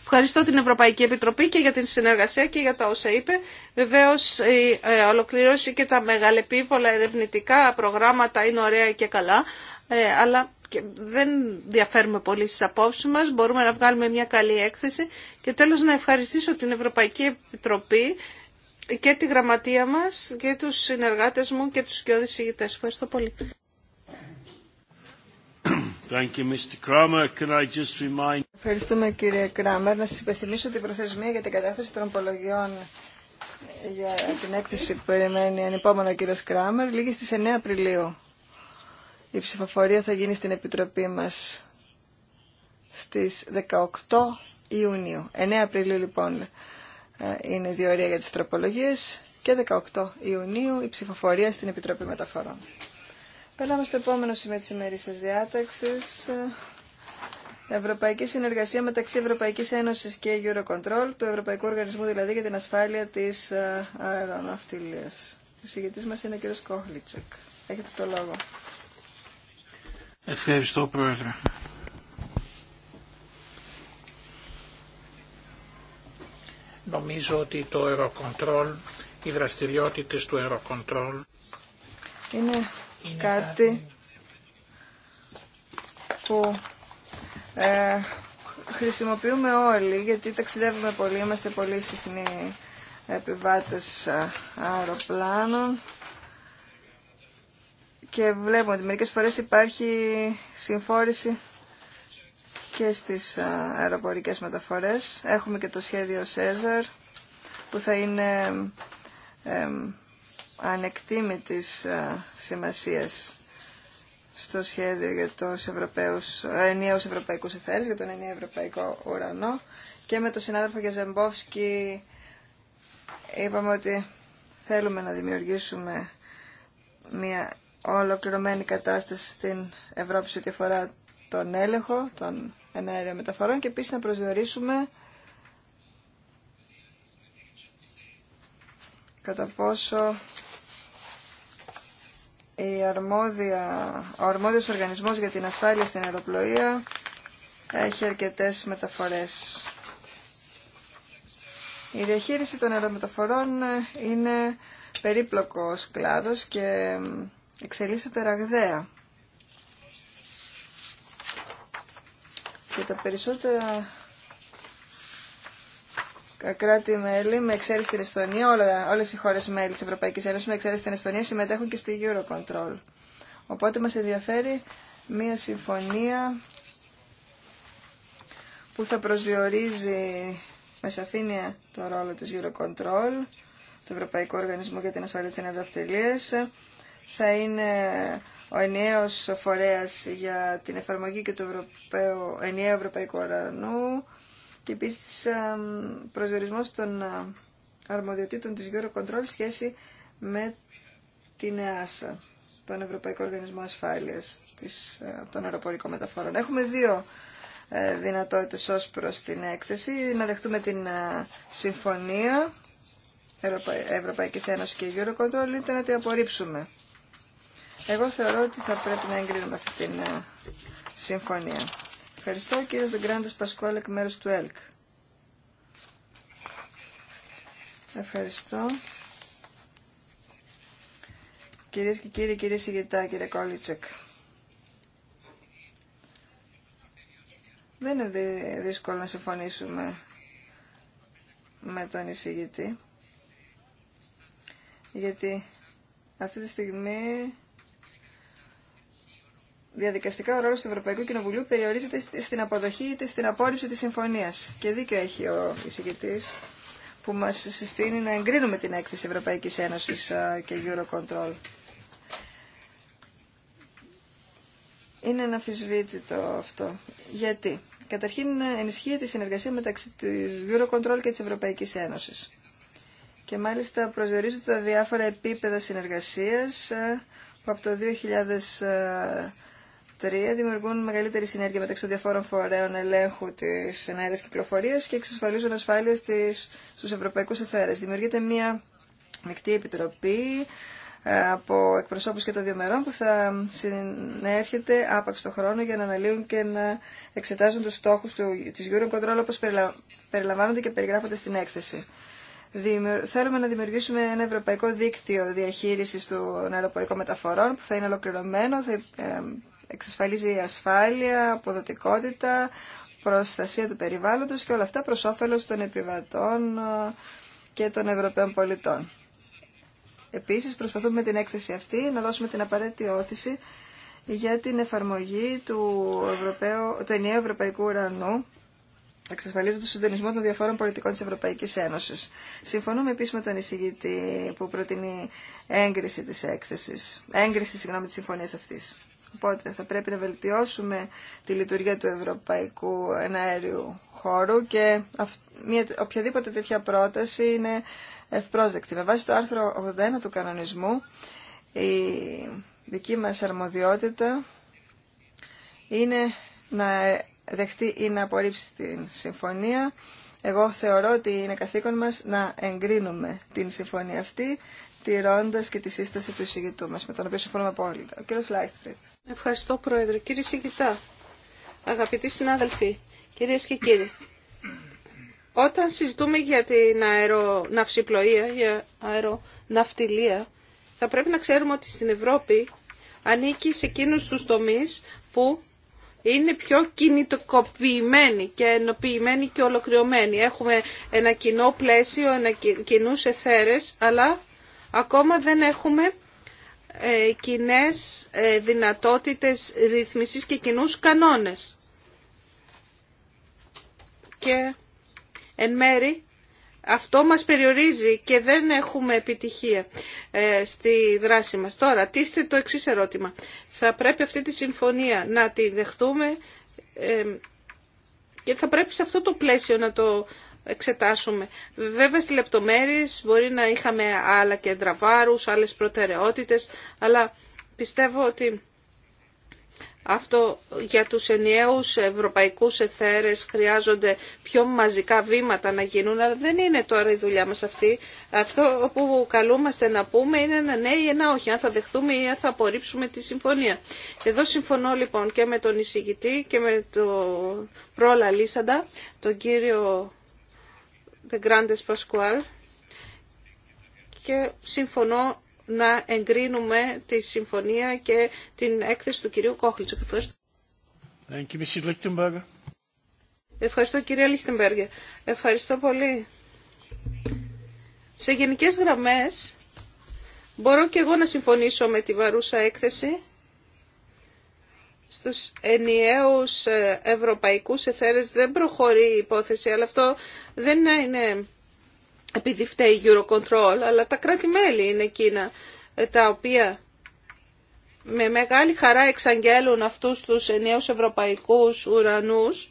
Ευχαριστώ την Ευρωπαϊκή Επιτροπή και για την συνεργασία και για τα όσα είπε. Βεβαίως η ε, ολοκληρώση και τα μεγαλεπίβολα ερευνητικά προγράμματα είναι ωραία και καλά, ε, αλλά και δεν διαφέρουμε πολύ στις απόψεις μας, μπορούμε να βγάλουμε μια καλή έκθεση και τέλος να ευχαριστήσω την Ευρωπαϊκή Επιτροπή και τη γραμματεία μας και τους συνεργάτες μου και τους κοιόδης συγητές. Ευχαριστώ πολύ. Thank you, Mr. Kramer. Can I just remind... Ευχαριστούμε κύριε Κράμερ. Να σας υπενθυμίσω την προθεσμία για την κατάθεση των απολογιών ε, για την έκθεση που περιμένει ανυπόμονα ο κύριος Κράμερ λίγη στις 9 Απριλίου. Η ψηφοφορία θα γίνει στην Επιτροπή μας στις 18 Ιουνίου. 9 Απριλίου λοιπόν ε, είναι η διορία για τις τροπολογίες και 18 Ιουνίου η ψηφοφορία στην Επιτροπή Μεταφορών. Περνάμε στο επόμενο σημείο της ημερήσιας διάταξης. Ε, Ευρωπαϊκή συνεργασία μεταξύ Ευρωπαϊκής Ένωσης και Eurocontrol, του Ευρωπαϊκού Οργανισμού δηλαδή για την ασφάλεια της ε, αεροναυτιλίας. Ο συγγετής μας είναι ο κ. Κόχλιτσεκ. Έχετε το λόγο. Ευχαριστώ Πρόεδρε. Νομίζω ότι το αεροκοντρόλ, οι δραστηριότητες του αεροκοντρόλ είναι, είναι κάτι που ε, χρησιμοποιούμε όλοι γιατί ταξιδεύουμε πολύ, είμαστε πολύ συχνοί επιβάτες ε, αεροπλάνων και βλέπουμε ότι μερικές φορές υπάρχει συμφόρηση και στις αεροπορικές μεταφορές. Έχουμε και το σχέδιο ΣΕΖΑΡ που θα είναι ε, ανεκτήμητης σημασίας στο σχέδιο για τους Ευρωπαίους, ε, ενιαίους ευρωπαϊκούς εθέρες, για τον ενιαίο ευρωπαϊκό ουρανό και με τον συνάδελφο Γεζεμπόφσκι είπαμε ότι θέλουμε να δημιουργήσουμε μια ολοκληρωμένη κατάσταση στην Ευρώπη σε ό,τι αφορά τον έλεγχο των εναέριων μεταφορών και επίσης να προσδιορίσουμε κατά πόσο η αρμόδια, ο αρμόδιος οργανισμός για την ασφάλεια στην αεροπλοεία έχει αρκετές μεταφορές. Η διαχείριση των αερομεταφορών είναι περίπλοκος κλάδος και εξελίσσεται ραγδαία. Και τα περισσότερα κράτη-μέλη, με εξαίρεση την Εστονία, όλα, όλες οι χώρες μέλη της Ευρωπαϊκής Ένωσης, με εξαίρεση την Εστονία, συμμετέχουν και στη Eurocontrol. Οπότε μας ενδιαφέρει μία συμφωνία που θα προσδιορίζει με σαφήνεια το ρόλο της Eurocontrol, του Ευρωπαϊκού Οργανισμού για την Ασφάλεια της Ενεργοαυτελείας θα είναι ο ενιαίος φορέας για την εφαρμογή και του Ευρωπαίου, ενιαίου Ευρωπαϊκού Ορανού και επίσης προσδιορισμός των ε, αρμοδιοτήτων της Eurocontrol σχέση με την ΕΑΣΑ, τον Ευρωπαϊκό Οργανισμό Ασφάλειας της, ε, των Αεροπορικών Μεταφορών. Έχουμε δύο ε, δυνατότητες ως προς την έκθεση, να δεχτούμε την συμφωνία Ευρωπαϊκής Ένωσης και Eurocontrol, ή να την απορρίψουμε. Εγώ θεωρώ ότι θα πρέπει να εγκρίνουμε αυτή την ε, συμφωνία. Ευχαριστώ κύριος Δεγκράντες Πασκόλ εκ μέρους του ΕΛΚ. Ευχαριστώ. Κυρίες και κύριοι, κύριε Σιγητά, κύριε Κόλιτσεκ. Δεν είναι δύσκολο να συμφωνήσουμε με τον εισηγητή, γιατί αυτή τη στιγμή διαδικαστικά ο ρόλο του Ευρωπαϊκού Κοινοβουλίου περιορίζεται στην αποδοχή ή στην απόρριψη τη συμφωνία. Και δίκιο έχει ο εισηγητή που μας συστήνει να εγκρίνουμε την έκθεση Ευρωπαϊκής Ένωσης και Eurocontrol. Είναι αναφυσβήτητο αυτό. Γιατί. Καταρχήν ενισχύεται η συνεργασία μεταξύ του Eurocontrol και της Ευρωπαϊκής Ένωσης. Και μάλιστα προσδιορίζονται τα διάφορα επίπεδα συνεργασίας που από το δημιουργούν μεγαλύτερη συνέργεια μεταξύ των διαφόρων φορέων ελέγχου τη ενέργεια κυκλοφορία και εξασφαλίζουν ασφάλεια στου ευρωπαϊκού εθέρε. Δημιουργείται μια μεικτή επιτροπή ε, από εκπροσώπους και των δύο μερών που θα συνέρχεται άπαξ το χρόνο για να αναλύουν και να εξετάζουν τους στόχους του, της Eurocontrol όπως περιλαμβάνονται και περιγράφονται στην έκθεση. Θέλουμε να δημιουργήσουμε ένα ευρωπαϊκό δίκτυο διαχείρισης των αεροπορικών μεταφορών που θα είναι ολοκληρωμένο, θα ε, εξασφαλίζει ασφάλεια, αποδοτικότητα, προστασία του περιβάλλοντος και όλα αυτά προς όφελος των επιβατών ε, και των Ευρωπαίων πολιτών. Επίσης προσπαθούμε με την έκθεση αυτή να δώσουμε την απαραίτητη όθηση για την εφαρμογή του, Ευρωπαίου, ενιαίου Ευρωπαϊκού Ουρανού εξασφαλίζει το συντονισμό των διαφόρων πολιτικών της Ευρωπαϊκής Ένωσης. Συμφωνούμε επίση με τον εισηγητή που προτείνει έγκριση της έκθεσης, έγκριση συγγνώμη τη συμφωνία αυτή. Οπότε θα πρέπει να βελτιώσουμε τη λειτουργία του ευρωπαϊκού εναέριου χώρου και οποιαδήποτε τέτοια πρόταση είναι ευπρόσδεκτη. Με βάση το άρθρο 81 του κανονισμού η δική μας αρμοδιότητα είναι να δεχτεί ή να απορρίψει την συμφωνία. Εγώ θεωρώ ότι είναι καθήκον μας να εγκρίνουμε την συμφωνία αυτή, τηρώντα και τη σύσταση του εισηγητού μα με τον οποίο συμφωνούμε απόλυτα. Ο κύριος Λάιχτφριντ. Ευχαριστώ, Πρόεδρε. Κύριε Σιγητά, αγαπητοί συνάδελφοι, κυρίε και κύριοι, όταν συζητούμε για την αεροναυσιπλοεία, για αεροναυτιλία, θα πρέπει να ξέρουμε ότι στην Ευρώπη ανήκει σε εκείνου του τομεί που είναι πιο κινητοκοποιημένοι και ενοποιημένοι και ολοκληρωμένοι. Έχουμε ένα κοινό πλαίσιο, ένα κοινούς εθέρες, αλλά Ακόμα δεν έχουμε ε, κοινέ ε, δυνατότητες ρύθμισης και κοινού κανόνες. Και εν μέρη αυτό μας περιορίζει και δεν έχουμε επιτυχία ε, στη δράση μας. Τώρα, τίθεται το εξής ερώτημα. Θα πρέπει αυτή τη συμφωνία να τη δεχτούμε και θα πρέπει σε αυτό το πλαίσιο να το εξετάσουμε. Βέβαια στις λεπτομέρειες μπορεί να είχαμε άλλα κέντρα βάρους, άλλες προτεραιότητες, αλλά πιστεύω ότι αυτό για τους ενιαίους ευρωπαϊκούς εθέρες χρειάζονται πιο μαζικά βήματα να γίνουν, αλλά δεν είναι τώρα η δουλειά μας αυτή. Αυτό που καλούμαστε να πούμε είναι ένα ναι ή ένα όχι, αν θα δεχθούμε ή αν θα απορρίψουμε τη συμφωνία. Εδώ συμφωνώ λοιπόν και με τον εισηγητή και με τον πρόλα Λίσαντα, τον κύριο Γκράντες Πασκουάλ και συμφωνώ να εγκρίνουμε τη συμφωνία και την έκθεση του κυρίου Κόχλητσα. Ευχαριστώ. Ευχαριστώ κυρία Λίχτεμπεργκε. Ευχαριστώ πολύ. Σε γενικές γραμμές μπορώ και εγώ να συμφωνήσω με τη βαρούσα έκθεση στους ενιαίους ε, ευρωπαϊκούς εθέρες δεν προχωρεί η υπόθεση, αλλά αυτό δεν είναι επειδή φταίει η Eurocontrol, αλλά τα κράτη-μέλη είναι εκείνα ε, τα οποία με μεγάλη χαρά εξαγγέλουν αυτούς τους ενιαίους ευρωπαϊκούς ουρανούς.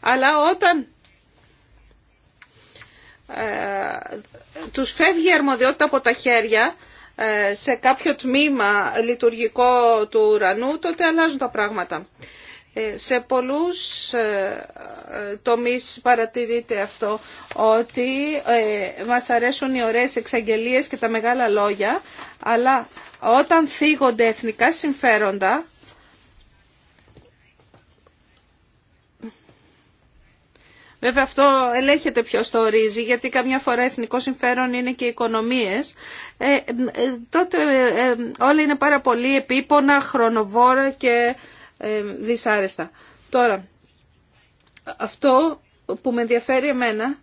Αλλά όταν ε, τους φεύγει η αρμοδιότητα από τα χέρια, ε, σε κάποιο τμήμα λειτουργικό του ουρανού, τότε αλλάζουν τα πράγματα. Ε, σε πολλούς ε, τομείς παρατηρείται αυτό, ότι μας αρέσουν οι ωραίες εξαγγελίες και τα μεγάλα λόγια, αλλά όταν θίγονται εθνικά συμφέροντα, Βέβαια αυτό ελέγχεται πιο το ορίζει, γιατί καμιά φορά εθνικό συμφέρον είναι και οικονομίες. Ε, ε, τότε ε, ε, όλα είναι πάρα πολύ επίπονα, χρονοβόρα και δυσάρεστα. Τώρα, αυτό που με ενδιαφέρει εμένα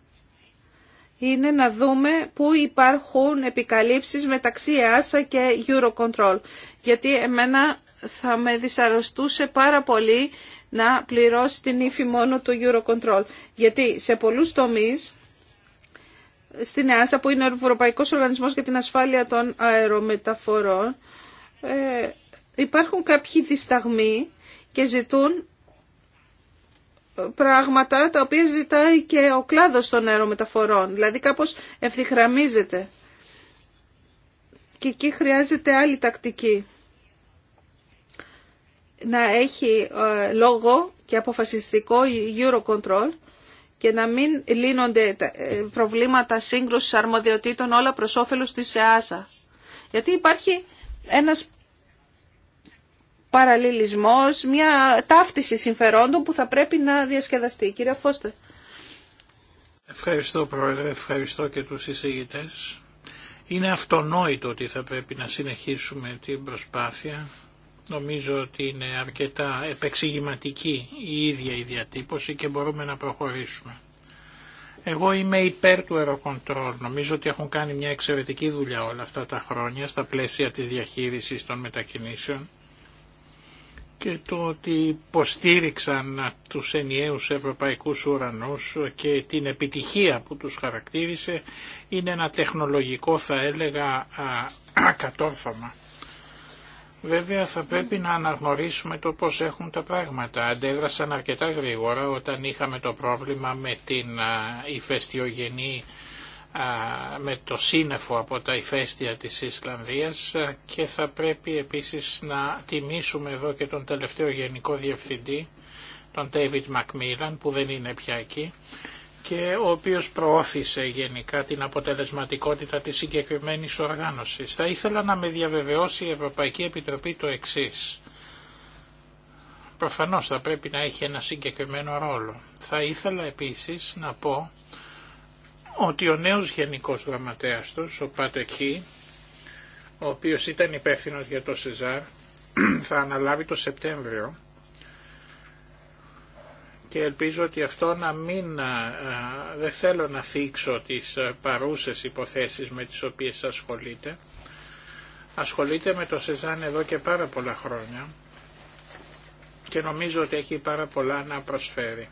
είναι να δούμε πού υπάρχουν επικαλύψεις μεταξύ ΆΣΑ και Eurocontrol. Γιατί εμένα θα με δυσαρεστούσε πάρα πολύ να πληρώσει την ύφη μόνο του Eurocontrol. Γιατί σε πολλούς τομείς, στην ΕΑΣΑ που είναι ο Ευρωπαϊκός Οργανισμός για την Ασφάλεια των Αερομεταφορών, ε, υπάρχουν κάποιοι δισταγμοί και ζητούν πράγματα τα οποία ζητάει και ο κλάδος των αερομεταφορών. Δηλαδή κάπως ευθυγραμμίζεται. Και εκεί χρειάζεται άλλη τακτική να έχει ε, λόγο και αποφασιστικό Eurocontrol και να μην λύνονται ε, προβλήματα σύγκρουση αρμοδιοτήτων όλα προ όφελο της ΕΑΣΑ. Γιατί υπάρχει ένας παραλληλισμός, μια ταύτιση συμφερόντων που θα πρέπει να διασκεδαστεί. Κύριε Φώστε. Ευχαριστώ Πρόεδρε, ευχαριστώ και τους εισηγητές. Είναι αυτονόητο ότι θα πρέπει να συνεχίσουμε την προσπάθεια Νομίζω ότι είναι αρκετά επεξηγηματική η ίδια η διατύπωση και μπορούμε να προχωρήσουμε. Εγώ είμαι υπέρ του αεροκοντρόλ. Νομίζω ότι έχουν κάνει μια εξαιρετική δουλειά όλα αυτά τα χρόνια στα πλαίσια της διαχείρισης των μετακινήσεων και το ότι υποστήριξαν τους ενιαίους ευρωπαϊκούς ουρανούς και την επιτυχία που τους χαρακτήρισε είναι ένα τεχνολογικό θα έλεγα ακατόρθωμα. Βέβαια θα πρέπει να αναγνωρίσουμε το πώς έχουν τα πράγματα. Αντέδρασαν αρκετά γρήγορα όταν είχαμε το πρόβλημα με την ηφαιστειογενή, με το σύννεφο από τα ηφαίστεια της Ισλανδίας και θα πρέπει επίσης να τιμήσουμε εδώ και τον τελευταίο Γενικό Διευθυντή, τον David Μακμίλαν που δεν είναι πια εκεί, και ο οποίος προώθησε γενικά την αποτελεσματικότητα της συγκεκριμένης οργάνωσης. Θα ήθελα να με διαβεβαιώσει η Ευρωπαϊκή Επιτροπή το εξής. Προφανώς θα πρέπει να έχει ένα συγκεκριμένο ρόλο. Θα ήθελα επίσης να πω ότι ο νέος γενικός γραμματέας τους, ο Πατεχή, ο οποίος ήταν υπεύθυνο για το ΣΕΖΑΡ, θα αναλάβει το Σεπτέμβριο και ελπίζω ότι αυτό να μην, δεν θέλω να θίξω τις παρούσες υποθέσεις με τις οποίες ασχολείται. Ασχολείται με το Σεζάν εδώ και πάρα πολλά χρόνια και νομίζω ότι έχει πάρα πολλά να προσφέρει.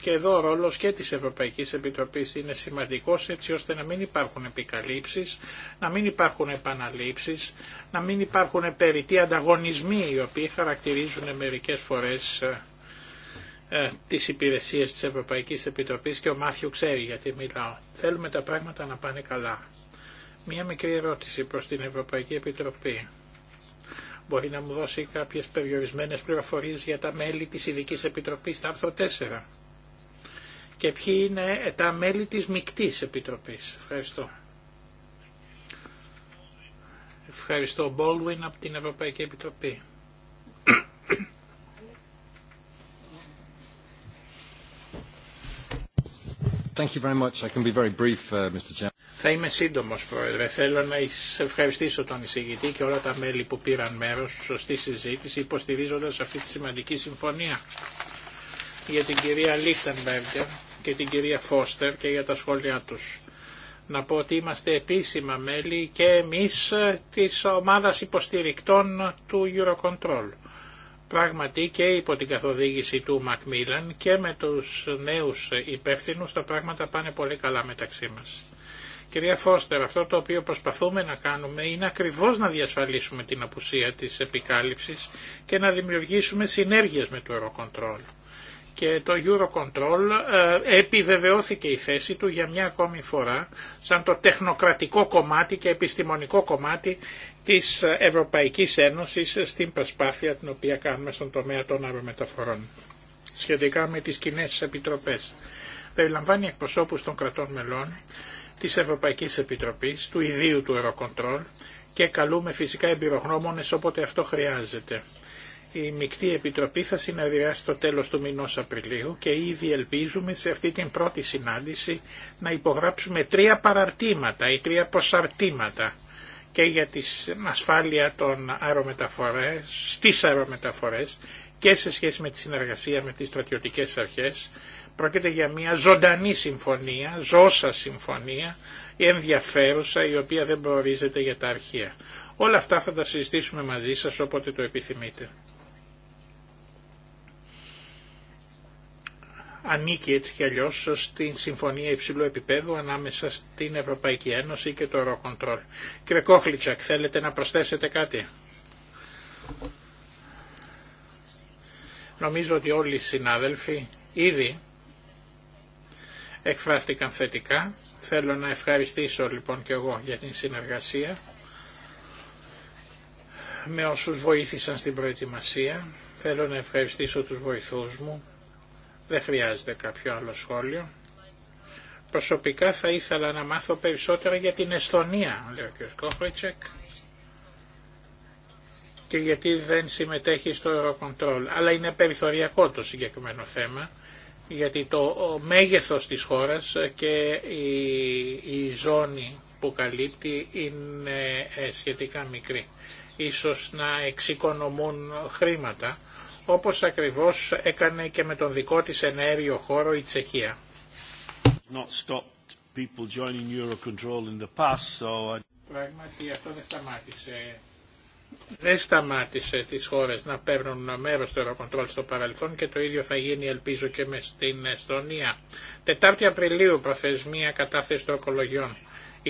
Και εδώ ο ρόλος και της Ευρωπαϊκής Επιτροπής είναι σημαντικός έτσι ώστε να μην υπάρχουν επικαλύψεις, να μην υπάρχουν επαναλήψεις, να μην υπάρχουν περιττοί ανταγωνισμοί οι οποίοι χαρακτηρίζουν μερικές φορές ε, τις υπηρεσίες της Ευρωπαϊκής Επιτροπής και ο Μάθιου ξέρει γιατί μιλάω. Θέλουμε τα πράγματα να πάνε καλά. Μία μικρή ερώτηση προς την Ευρωπαϊκή Επιτροπή. Μπορεί να μου δώσει κάποιες περιορισμένες πληροφορίες για τα μέλη της ειδική Επιτροπής στα άρθρο 4. Και ποιοι είναι τα μέλη της Μικτής Επιτροπής. Ευχαριστώ. Ευχαριστώ Baldwin από την Ευρωπαϊκή Επιτροπή. Thank you very much. I can be very brief, uh, Θα είμαι σύντομο Πρόεδρε. Θέλω να ευχαριστήσω τον εισηγητή και όλα τα μέλη που πήραν μέρος στη σωστή συζήτηση υποστηρίζοντας αυτή τη σημαντική συμφωνία για την κυρία Λίχτενμπεργκερ και την κυρία Φώστερ και για τα σχόλιά τους. Να πω ότι είμαστε επίσημα μέλη και εμείς της ομάδας υποστηρικτών του Eurocontrol. Πράγματι και υπό την καθοδήγηση του Μακμίλαν και με τους νέους υπεύθυνους τα πράγματα πάνε πολύ καλά μεταξύ μας. Κυρία Φώστερ, αυτό το οποίο προσπαθούμε να κάνουμε είναι ακριβώς να διασφαλίσουμε την απουσία της επικάλυψης και να δημιουργήσουμε συνέργειες με το Eurocontrol. Και το Eurocontrol ε, επιβεβαιώθηκε η θέση του για μια ακόμη φορά σαν το τεχνοκρατικό κομμάτι και επιστημονικό κομμάτι της Ευρωπαϊκής Ένωσης στην προσπάθεια την οποία κάνουμε στον τομέα των αερομεταφορών σχετικά με τις κοινέ επιτροπές. Περιλαμβάνει εκπροσώπους των κρατών μελών της Ευρωπαϊκής Επιτροπής, του ιδίου του Eurocontrol και καλούμε φυσικά εμπειρογνώμονες όποτε αυτό χρειάζεται. Η μεικτή Επιτροπή θα συνεδριάσει το τέλος του μηνός Απριλίου και ήδη ελπίζουμε σε αυτή την πρώτη συνάντηση να υπογράψουμε τρία παραρτήματα ή τρία προσαρτήματα και για την ασφάλεια των αερομεταφορές, στις αερομεταφορές και σε σχέση με τη συνεργασία με τις στρατιωτικές αρχές. Πρόκειται για μια ζωντανή συμφωνία, ζώσα συμφωνία, ενδιαφέρουσα η οποία δεν προορίζεται για τα αρχεία. Όλα αυτά θα τα συζητήσουμε μαζί σας όποτε το επιθυμείτε. ανήκει έτσι κι αλλιώ στην Συμφωνία Υψηλού Επιπέδου ανάμεσα στην Ευρωπαϊκή Ένωση και το Eurocontrol. Κύριε Κόχλιτσακ, θέλετε να προσθέσετε κάτι. Νομίζω ότι όλοι οι συνάδελφοι ήδη εκφράστηκαν θετικά. Θέλω να ευχαριστήσω λοιπόν και εγώ για την συνεργασία με όσους βοήθησαν στην προετοιμασία. Θέλω να ευχαριστήσω τους βοηθούς μου, δεν χρειάζεται κάποιο άλλο σχόλιο. Προσωπικά θα ήθελα να μάθω περισσότερα για την Εσθονία, λέει ο κ. Κόχριτσεκ, και γιατί δεν συμμετέχει στο Eurocontrol. Αλλά είναι περιθωριακό το συγκεκριμένο θέμα, γιατί το μέγεθος της χώρας και η, ζώνη που καλύπτει είναι ε, σχετικά μικρή. Ίσως να εξοικονομούν χρήματα, όπως ακριβώς έκανε και με τον δικό της ενέργειο χώρο η Τσεχία. Πράγματι αυτό δεν σταμάτησε. Δεν σταμάτησε τις χώρες να παίρνουν μέρος στο Eurocontrol στο παρελθόν και το ίδιο θα γίνει ελπίζω και με στην Εστονία. 4η Απριλίου Τετάρτη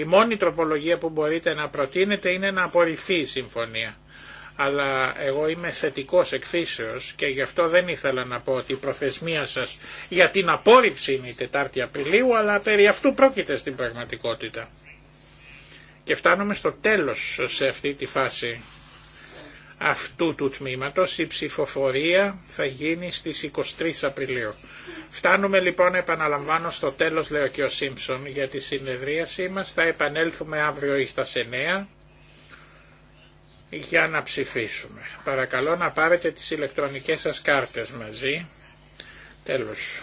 μόνη τροπολογία που μπορείτε να προτείνετε είναι να απορριφθεί η συμφωνία αλλά εγώ είμαι θετικός εκφύσεως και γι' αυτό δεν ήθελα να πω ότι η προθεσμία σας για την απόρριψη είναι η 4η Απριλίου, αλλά περί αυτού πρόκειται στην πραγματικότητα. Και φτάνουμε στο τέλος σε αυτή τη φάση αυτού του τμήματος. Η ψηφοφορία θα γίνει στις 23 Απριλίου. Φτάνουμε λοιπόν, επαναλαμβάνω, στο τέλος, και ο Σίμψον, για τη συνεδρίασή μας. Θα επανέλθουμε αύριο ή στα 9 για να ψηφίσουμε. Παρακαλώ να πάρετε τις ηλεκτρονικές σας κάρτες μαζί. Τέλος.